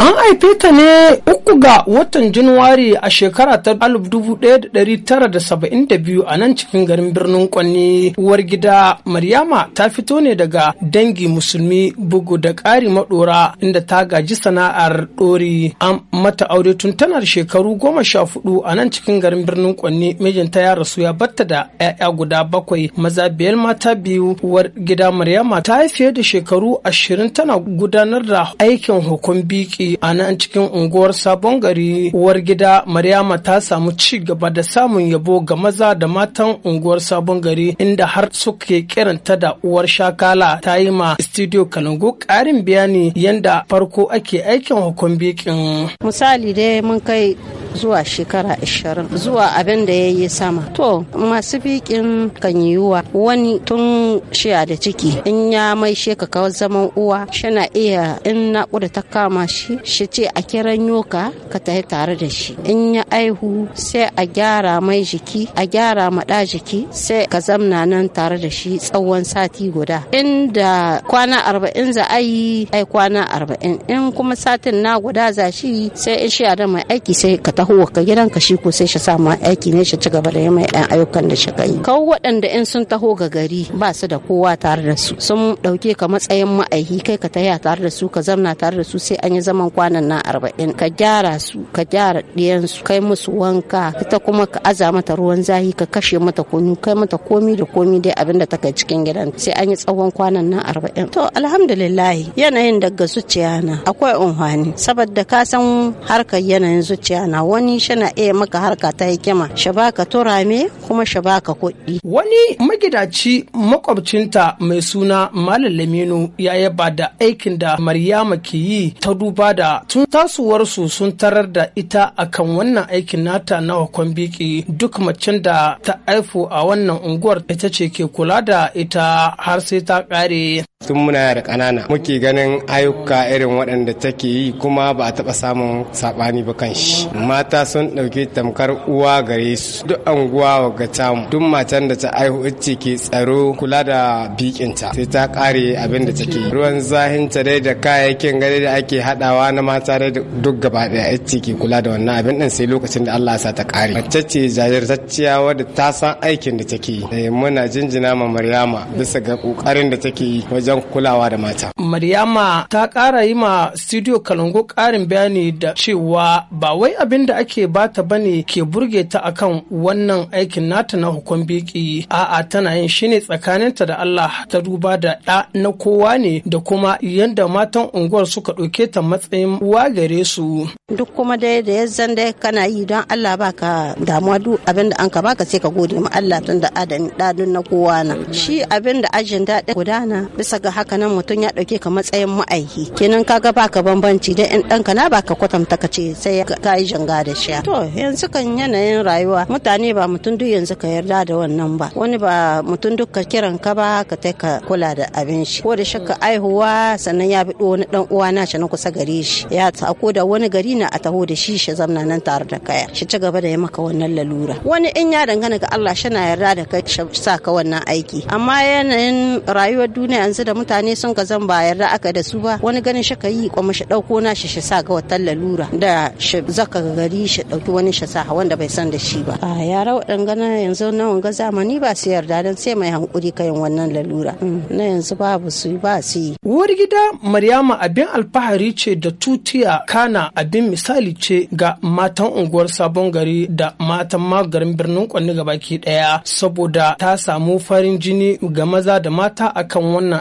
An haife ta ne uku ga watan Januwari a shekara ta dubu da tara saba'in biyu a nan cikin garin birnin Kwanni. Uwar gida Maryama ta fito ne daga dangi musulmi bugu da ƙari maɗora inda ta gaji sana'ar ɗori. An mata aure tun tana shekaru goma sha hudu a nan cikin garin birnin Kwanni mijinta ya rasu ya batta da 'ya'ya guda bakwai maza biyar mata biyu. Uwar gida Maryama ta haife da shekaru ashirin tana gudanar da aikin hukun biki aiki a nan cikin unguwar sabon gari uwar gida maryama ta samu ci gaba da samun yabo ga maza da matan unguwar sabon gari inda har suke kiranta da uwar shakala ta yi ma studio kalangu ƙarin bayani yanda farko ake aikin hukun bikin misali dai mun kai zuwa shekara 20 zuwa abin da ya yi sama to masu bikin kan yiwuwa wani tun shiya da ciki in ya mai sheka ka zaman uwa shana iya in naƙuda ta kama shi shi ce a kiran yoka ka tafi tare da shi in ya aihu sai a gyara mai jiki a gyara maɗa jiki sai ka zamna nan tare da shi tsawon sati guda inda kwana arba'in za a yi ai kwana arba'in in kuma satin na guda za shi sai in a da mai aiki sai ka tahowa ka gidan ka shi ko sai shi ma aiki ne shi ci gaba da yi mai ɗan ayyukan da shi ka yi kawo waɗanda in sun taho ga gari ba su da kowa tare da su sun ɗauke ka matsayin ma'aiki kai ka taya tare da su ka zamna tare da su sai an yi zaman kwanan na arba'in ka gyara su ka gyara su kai musu wanka ita kuma ka aza mata ruwan zahi ka kashe mata kunu kai mata komi da komi dai abin da take cikin gidan sai an yi tsawon kwanan na arba'in to alhamdulillah yanayin daga zuciya na akwai unhwani saboda ka san harkar yanayin zuciya na wani shana iya maka harka ta hikima shi baka turame kuma shi baka kuɗi. Wani magidaci makwabcinta mai suna Malam Laminu ya yaba da aikin da Maryama ke yi ta duba da tun tasowarsu sun tarar da ita akan wannan aikin nata na wakon biki duk macen da ta haifu a wannan unguwar ita ce ke kula da ita har sai ta ƙare. tun muna da ƙanana muke ganin ayyuka irin waɗanda take yi kuma ba a taɓa samun saɓani ba kan shi mata sun ɗauki tamkar uwa gare su duk anguwa ga tamu duk matan da ta aihu ce ke tsaro kula da bikinta sai ta ƙare abin da take ruwan zahinta dai da kayayyakin gare da ake haɗawa na mata dai duk gaba ɗaya ita ke kula da wannan abin ɗin sai lokacin da Allah sa ta kare. mace ce jajirtacciya wadda ta san aikin da take yi eh, muna jinjina ma Maryama bisa ga ƙoƙarin da take yi wajen wajen kulawa da mata. Maryama ta ƙara yi ma studio Kalango ƙarin bayani da cewa ba wai abin da ake bata bane ke burge ta akan wannan aikin nata na hukun biki a'a tana yin shi ne tsakaninta da Allah ta duba da ɗa na kowa ne da kuma yadda matan unguwar suka ɗauke ta matsayin uwa gare su. Duk kuma dai da zan dai kana yi don Allah baka damuwa duk abin da an ka baka sai ka gode ma Allah tun da adani ɗadin na kowa na. Shi abin da ajin daɗin gudana bisa Ga haka nan mutum ya dauke ka matsayin ma'aiki kenan kaga baka bambanci da yan danka na baka kwatanta ka ce sai ka yi janga da shi to yanzu kan yanayin rayuwa mutane ba mutum duk yanzu ka yarda da wannan ba wani ba mutum duk ka kiran ka ba ka tai ka kula da abin shi ko da shakka aihuwa sannan ya bi wani dan uwa na shi na kusa gare shi ya tako da wani gari na a taho da shi shi zamna nan tare da kaya shi ci gaba da ya maka wannan lalura wani in ya dangana ga Allah shi na yarda da kai sa ka wannan aiki amma yanayin rayuwar duniya yanzu da da mutane sun ka zan ba yarda aka da su ba wani ganin shi ka yi kuma shi dauko na shi shi sa ga wata lalura da shi zaka gari shi dauki wani shi sa wanda bai san da shi ba a ah, yara gana yanzu na wanga zamani ba su yarda dan sai mai hankuri kayan wannan lalura mm. na yanzu babu su ba su yi uwar gida maryama abin alfahari ce da tutiya kana abin misali ce ga matan unguwar sabon gari da matan magarin birnin kwanni gabaki daya saboda ta samu farin jini ga maza da mata akan wannan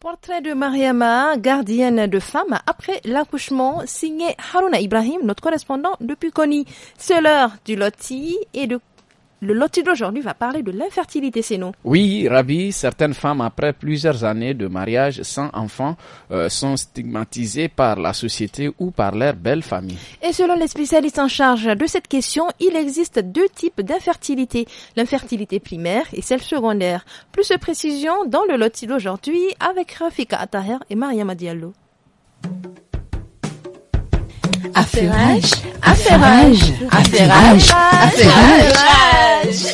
Portrait de Mariama, gardienne de femme après l'accouchement, signé Haruna Ibrahim, notre correspondant depuis Kony. C'est l'heure du loti et de le loti d'aujourd'hui va parler de l'infertilité, c'est nous. Oui, Rabi, certaines femmes, après plusieurs années de mariage sans enfants, euh, sont stigmatisées par la société ou par leur belle famille. Et selon les spécialistes en charge de cette question, il existe deux types d'infertilité, l'infertilité primaire et celle secondaire. Plus de précisions dans le loti aujourd'hui avec Rafika Ataher et Maria Diallo. Affairage, affairage, affairage, affairage.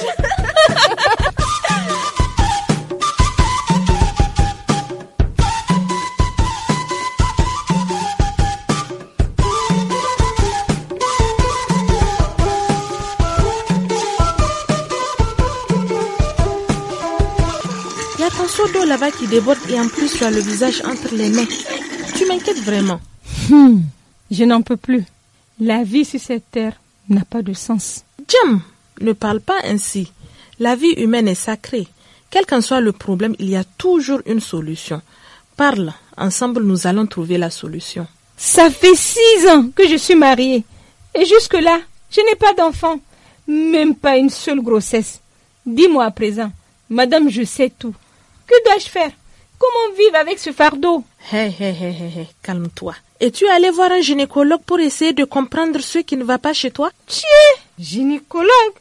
Il y a ton seau d'eau là-bas qui déborde et en plus tu as le visage entre les mains. Tu m'inquiètes vraiment. Hmm. Je n'en peux plus. La vie sur cette terre n'a pas de sens. Jim, ne parle pas ainsi. La vie humaine est sacrée. Quel qu'en soit le problème, il y a toujours une solution. Parle, ensemble nous allons trouver la solution. Ça fait six ans que je suis mariée. Et jusque-là, je n'ai pas d'enfant. Même pas une seule grossesse. Dis-moi à présent, madame, je sais tout. Que dois-je faire Comment vivre avec ce fardeau Hé, hé, hé, hé, calme-toi. Es-tu allé voir un gynécologue pour essayer de comprendre ce qui ne va pas chez toi Tiens Gynécologue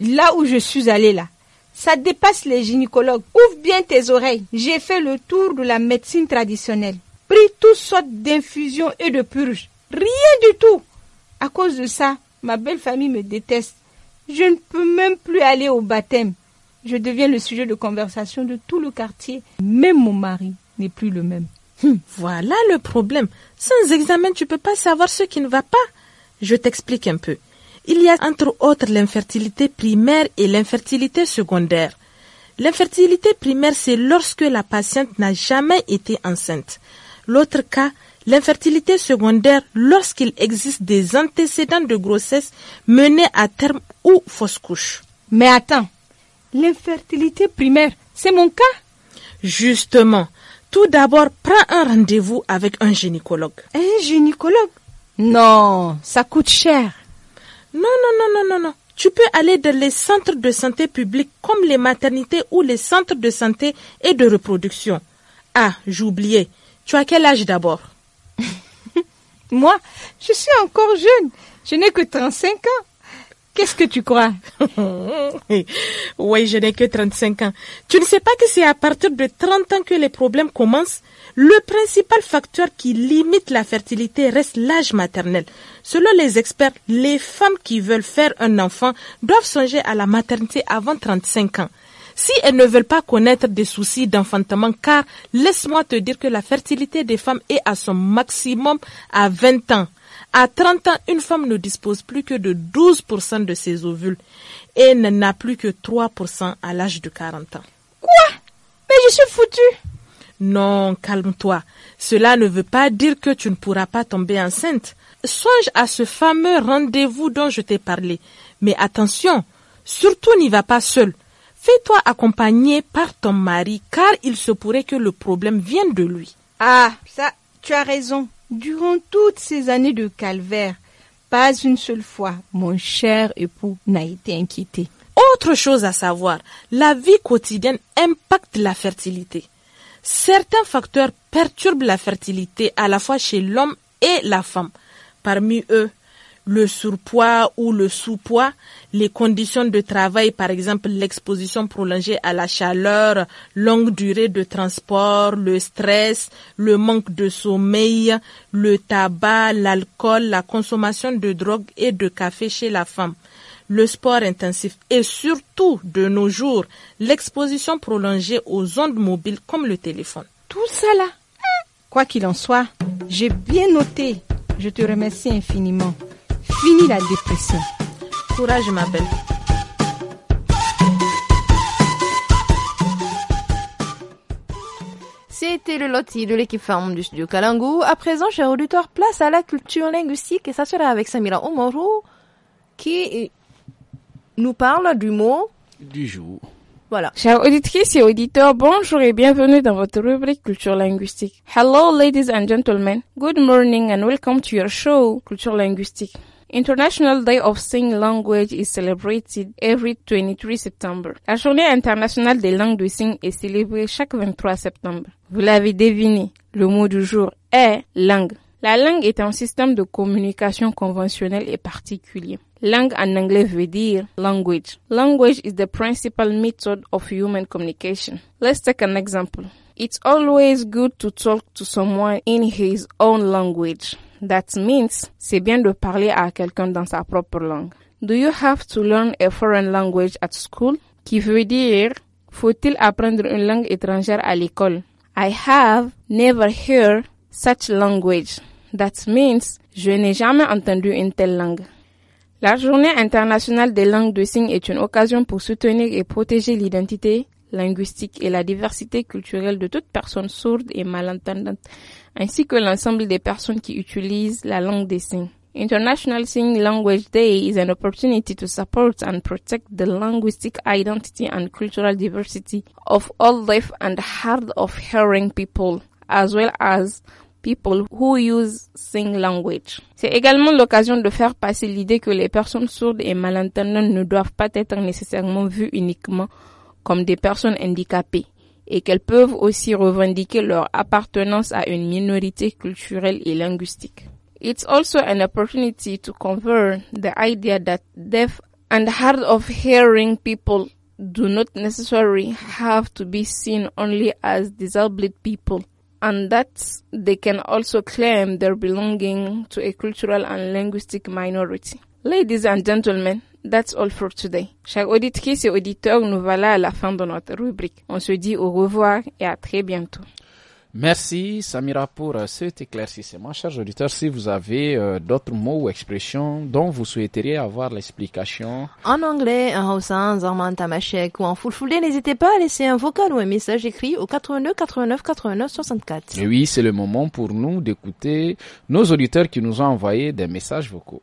Là où je suis allée là, ça dépasse les gynécologues. Ouvre bien tes oreilles. J'ai fait le tour de la médecine traditionnelle. Pris toutes sortes d'infusions et de purges. Rien du tout. À cause de ça, ma belle famille me déteste. Je ne peux même plus aller au baptême. Je deviens le sujet de conversation de tout le quartier. Même mon mari n'est plus le même. Hmm, voilà le problème. Sans examen, tu peux pas savoir ce qui ne va pas. Je t'explique un peu. Il y a entre autres l'infertilité primaire et l'infertilité secondaire. L'infertilité primaire, c'est lorsque la patiente n'a jamais été enceinte. L'autre cas, l'infertilité secondaire, lorsqu'il existe des antécédents de grossesse menés à terme ou fausse couche. Mais attends, l'infertilité primaire, c'est mon cas Justement, tout d'abord, prends un rendez-vous avec un gynécologue. Un gynécologue Non, ça coûte cher. Non, non, non, non, non, non. Tu peux aller dans les centres de santé publics comme les maternités ou les centres de santé et de reproduction. Ah, j'oubliais. Tu as quel âge d'abord <laughs> Moi, je suis encore jeune. Je n'ai que 35 ans. Qu'est-ce que tu crois <laughs> Oui, je n'ai que 35 ans. Tu ne sais pas que c'est à partir de 30 ans que les problèmes commencent Le principal facteur qui limite la fertilité reste l'âge maternel. Selon les experts, les femmes qui veulent faire un enfant doivent songer à la maternité avant 35 ans si elles ne veulent pas connaître des soucis d'enfantement, car laisse-moi te dire que la fertilité des femmes est à son maximum à 20 ans. À 30 ans, une femme ne dispose plus que de 12% de ses ovules et n'a plus que 3% à l'âge de 40 ans. Quoi Mais je suis foutue Non, calme-toi. Cela ne veut pas dire que tu ne pourras pas tomber enceinte. Songe à ce fameux rendez-vous dont je t'ai parlé. Mais attention, surtout n'y va pas seul. Fais-toi accompagner par ton mari car il se pourrait que le problème vienne de lui. Ah, ça, tu as raison. Durant toutes ces années de calvaire, pas une seule fois mon cher époux n'a été inquiété. Autre chose à savoir, la vie quotidienne impacte la fertilité. Certains facteurs perturbent la fertilité à la fois chez l'homme et la femme. Parmi eux, le surpoids ou le sous-poids, les conditions de travail, par exemple l'exposition prolongée à la chaleur, longue durée de transport, le stress, le manque de sommeil, le tabac, l'alcool, la consommation de drogue et de café chez la femme le sport intensif et surtout de nos jours l'exposition prolongée aux ondes mobiles comme le téléphone. Tout cela. Hein, quoi qu'il en soit, j'ai bien noté. Je te remercie infiniment. Fini la dépression. Courage, ma belle. C'était le loti de l'équipe femme du studio Kalangu. À présent, chers auditeurs, place à la culture linguistique et ça sera avec Samira Omaru qui nous parle du mot du jour. Voilà. Chers auditeurs et auditeurs, bonjour et bienvenue dans votre rubrique culture linguistique. Hello, ladies and gentlemen. Good morning and welcome to your show culture linguistique. International Day of Sign Language is celebrated every 23 septembre. La journée internationale des langues de signes est célébrée chaque 23 septembre. Vous l'avez deviné, le mot du jour est langue. La langue est un système de communication conventionnel et particulier. Langue en anglais veut dire language. Language is the principal method of human communication. Let's take an example. It's always good to talk to someone in his own language. That means c'est bien de parler à quelqu'un dans sa propre langue. Do you have to learn a foreign language at school? Qui veut dire faut-il apprendre une langue étrangère à l'école? I have never heard such language. That means je n'ai jamais entendu une telle langue. La journée internationale des langues de signes est une occasion pour soutenir et protéger l'identité linguistique et la diversité culturelle de toute personne sourde et malentendante ainsi que l'ensemble des personnes qui utilisent la langue des signes. International Sign Language Day is an opportunity to support and protect the linguistic identity and cultural diversity of all deaf and hard of hearing people, as well as people who use sign language. C'est également l'occasion de faire passer l'idée que les personnes sourdes et malentendantes ne doivent pas être nécessairement vues uniquement comme des personnes handicapées et qu'elles peuvent aussi revendiquer leur appartenance à une minorité culturelle et linguistique. It's also an opportunity to convert the idea that deaf and hard of hearing people do not necessarily have to be seen only as disabled people and that they can also claim their belonging to a cultural and linguistic minority. Ladies and gentlemen, that's all for today. Chers auditrices et auditeurs, nous voilà à la fin de notre rubrique. On se dit au revoir et à très bientôt. Merci Samira pour euh, cet éclaircissement. Chers auditeurs, si vous avez euh, d'autres mots ou expressions dont vous souhaiteriez avoir l'explication en anglais, en haussant, en zarman ou en fulfulde, n'hésitez pas à laisser un vocal ou un message écrit au 82 89 89 64. Et oui, c'est le moment pour nous d'écouter nos auditeurs qui nous ont envoyé des messages vocaux.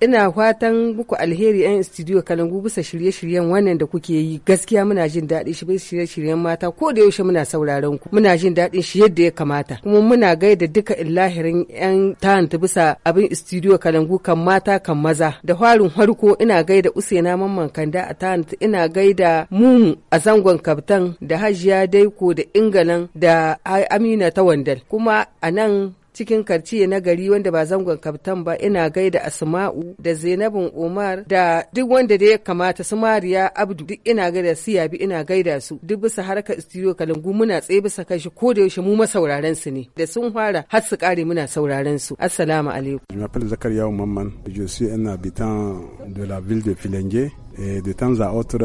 ina fatan muku alheri yan studio kalangu bisa shirye-shiryen wannan da kuke yi gaskiya muna jin daɗin shi bisa shirye-shiryen mata ko da yaushe muna sauraron ku muna jin daɗin shi yadda ya kamata kuma muna gaida duka illahirin yan tahanta bisa abin studio kalangu kan mata kan maza da farin harko ina gaida usaina mamman kanda a tahanta ina gaida mumu a zangon kaftan da hajiya daiko da ingalan da amina ta wandal kuma a nan cikin karciye na gari wanda ba zangon kaftan ba ina gaida asma'u da zainabin umar da duk wanda da ya kamata su mariya abdu duk ina gaida su yabi ina gaida su duk bisa harkar studio kalangu muna tsaye bisa kashi ko da yaushe mu masauraren su ne da sun fara har su kare muna sauraren su assalamu alaikum je m'appelle zakariya mamman je suis un habitant de la ville de filenge et de temps à autre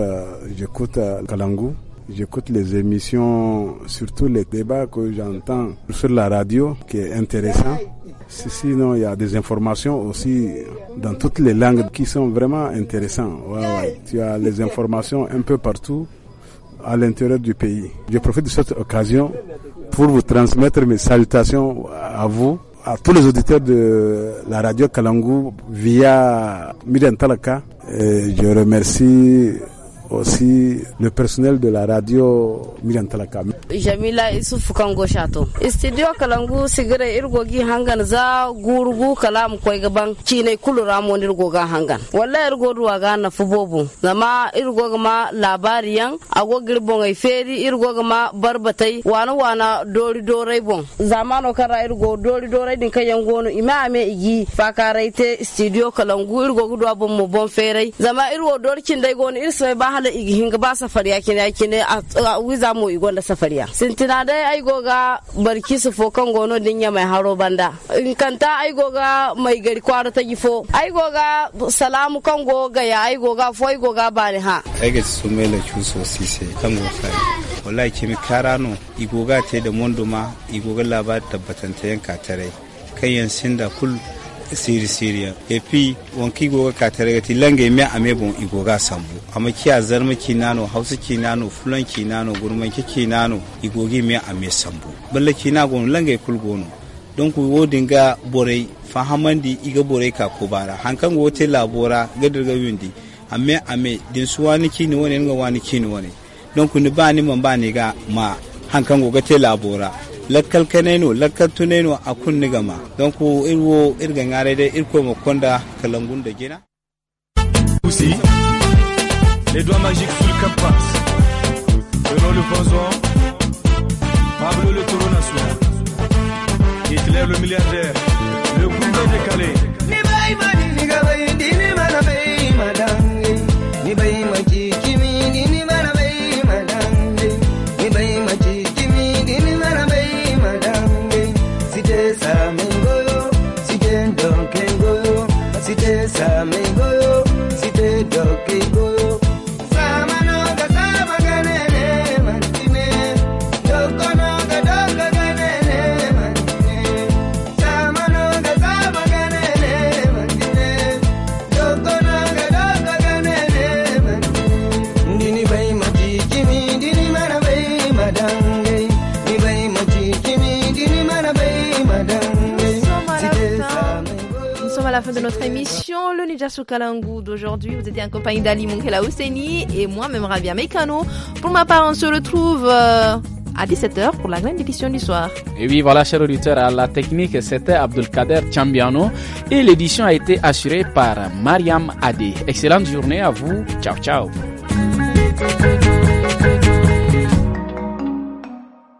j'écoute euh, kalangu J'écoute les émissions, surtout les débats que j'entends sur la radio, qui est intéressant. Sinon, il y a des informations aussi dans toutes les langues qui sont vraiment intéressantes. Tu as les informations un peu partout à l'intérieur du pays. Je profite de cette occasion pour vous transmettre mes salutations à vous, à tous les auditeurs de la radio Kalangu via Miriam Talaka. je remercie aussi le personnel de la radio Milan Talaka. Jamila Isufu Kango Shato. Studio Kalangu sigira irgogi hangan za gurugu kalam koi gaban cine kulura mon irgoga hangan. Wala irgo ruwa fubobu. Nama irgoga ma labari yan ago girbon ai feri ma barbatai wana wana dori dorai bon. Zamano kara irgo dori dorai din kayan ima ame igi fakarai te studio Kalangu irgo gudwa bon bon Zama irgo doli dai gono irsai hala igihin ba safariya kina kina a wiza mu igon da safariya sintina dai ai goga barki su kan gono ya mai haro banda in kanta ai goga mai gari kwaro ta gifo ai goga salamu kan goga ya ai goga fo ai goga ni ha ai ga su mai la chuso sise kan go fa wallahi mi karano igoga te da ma igoga labar ta yanka tare kayan sinda da kullu siri siriya e fi wanki goga katere ti lange me ame bon igoga sambu ama kiya zarma ki nano hausa ki nano fulan ki nano gurman ki ki nano igogi me ame sambu balla ki na gon langa kul gono don ku wo dinga borai fahamandi iga borai ka ko bara hankan go te labora gadirga windi ame ame din wani ki ni wani nga wani ki ni wani don ku ni ba ni man ba ni ga ma hankan go ga te labora lakkal kaneno lakkal tuneno a kunni gama irwo irga ŋarede irkoy mo konda kalangunda jena Aussi, les doigts magiques sur le le Pablo le Hitler le milliardaire, sur Kalangu d'aujourd'hui. Vous étiez en compagnie d'Ali Munkela Ouseni et moi-même Rabia Mekano. Pour ma part, on se retrouve euh, à 17h pour la grande édition du soir. Et oui, voilà, chers auditeurs, à la technique, c'était Abdelkader Chambiano et l'édition a été assurée par Mariam Adé. Excellente journée à vous. Ciao, ciao.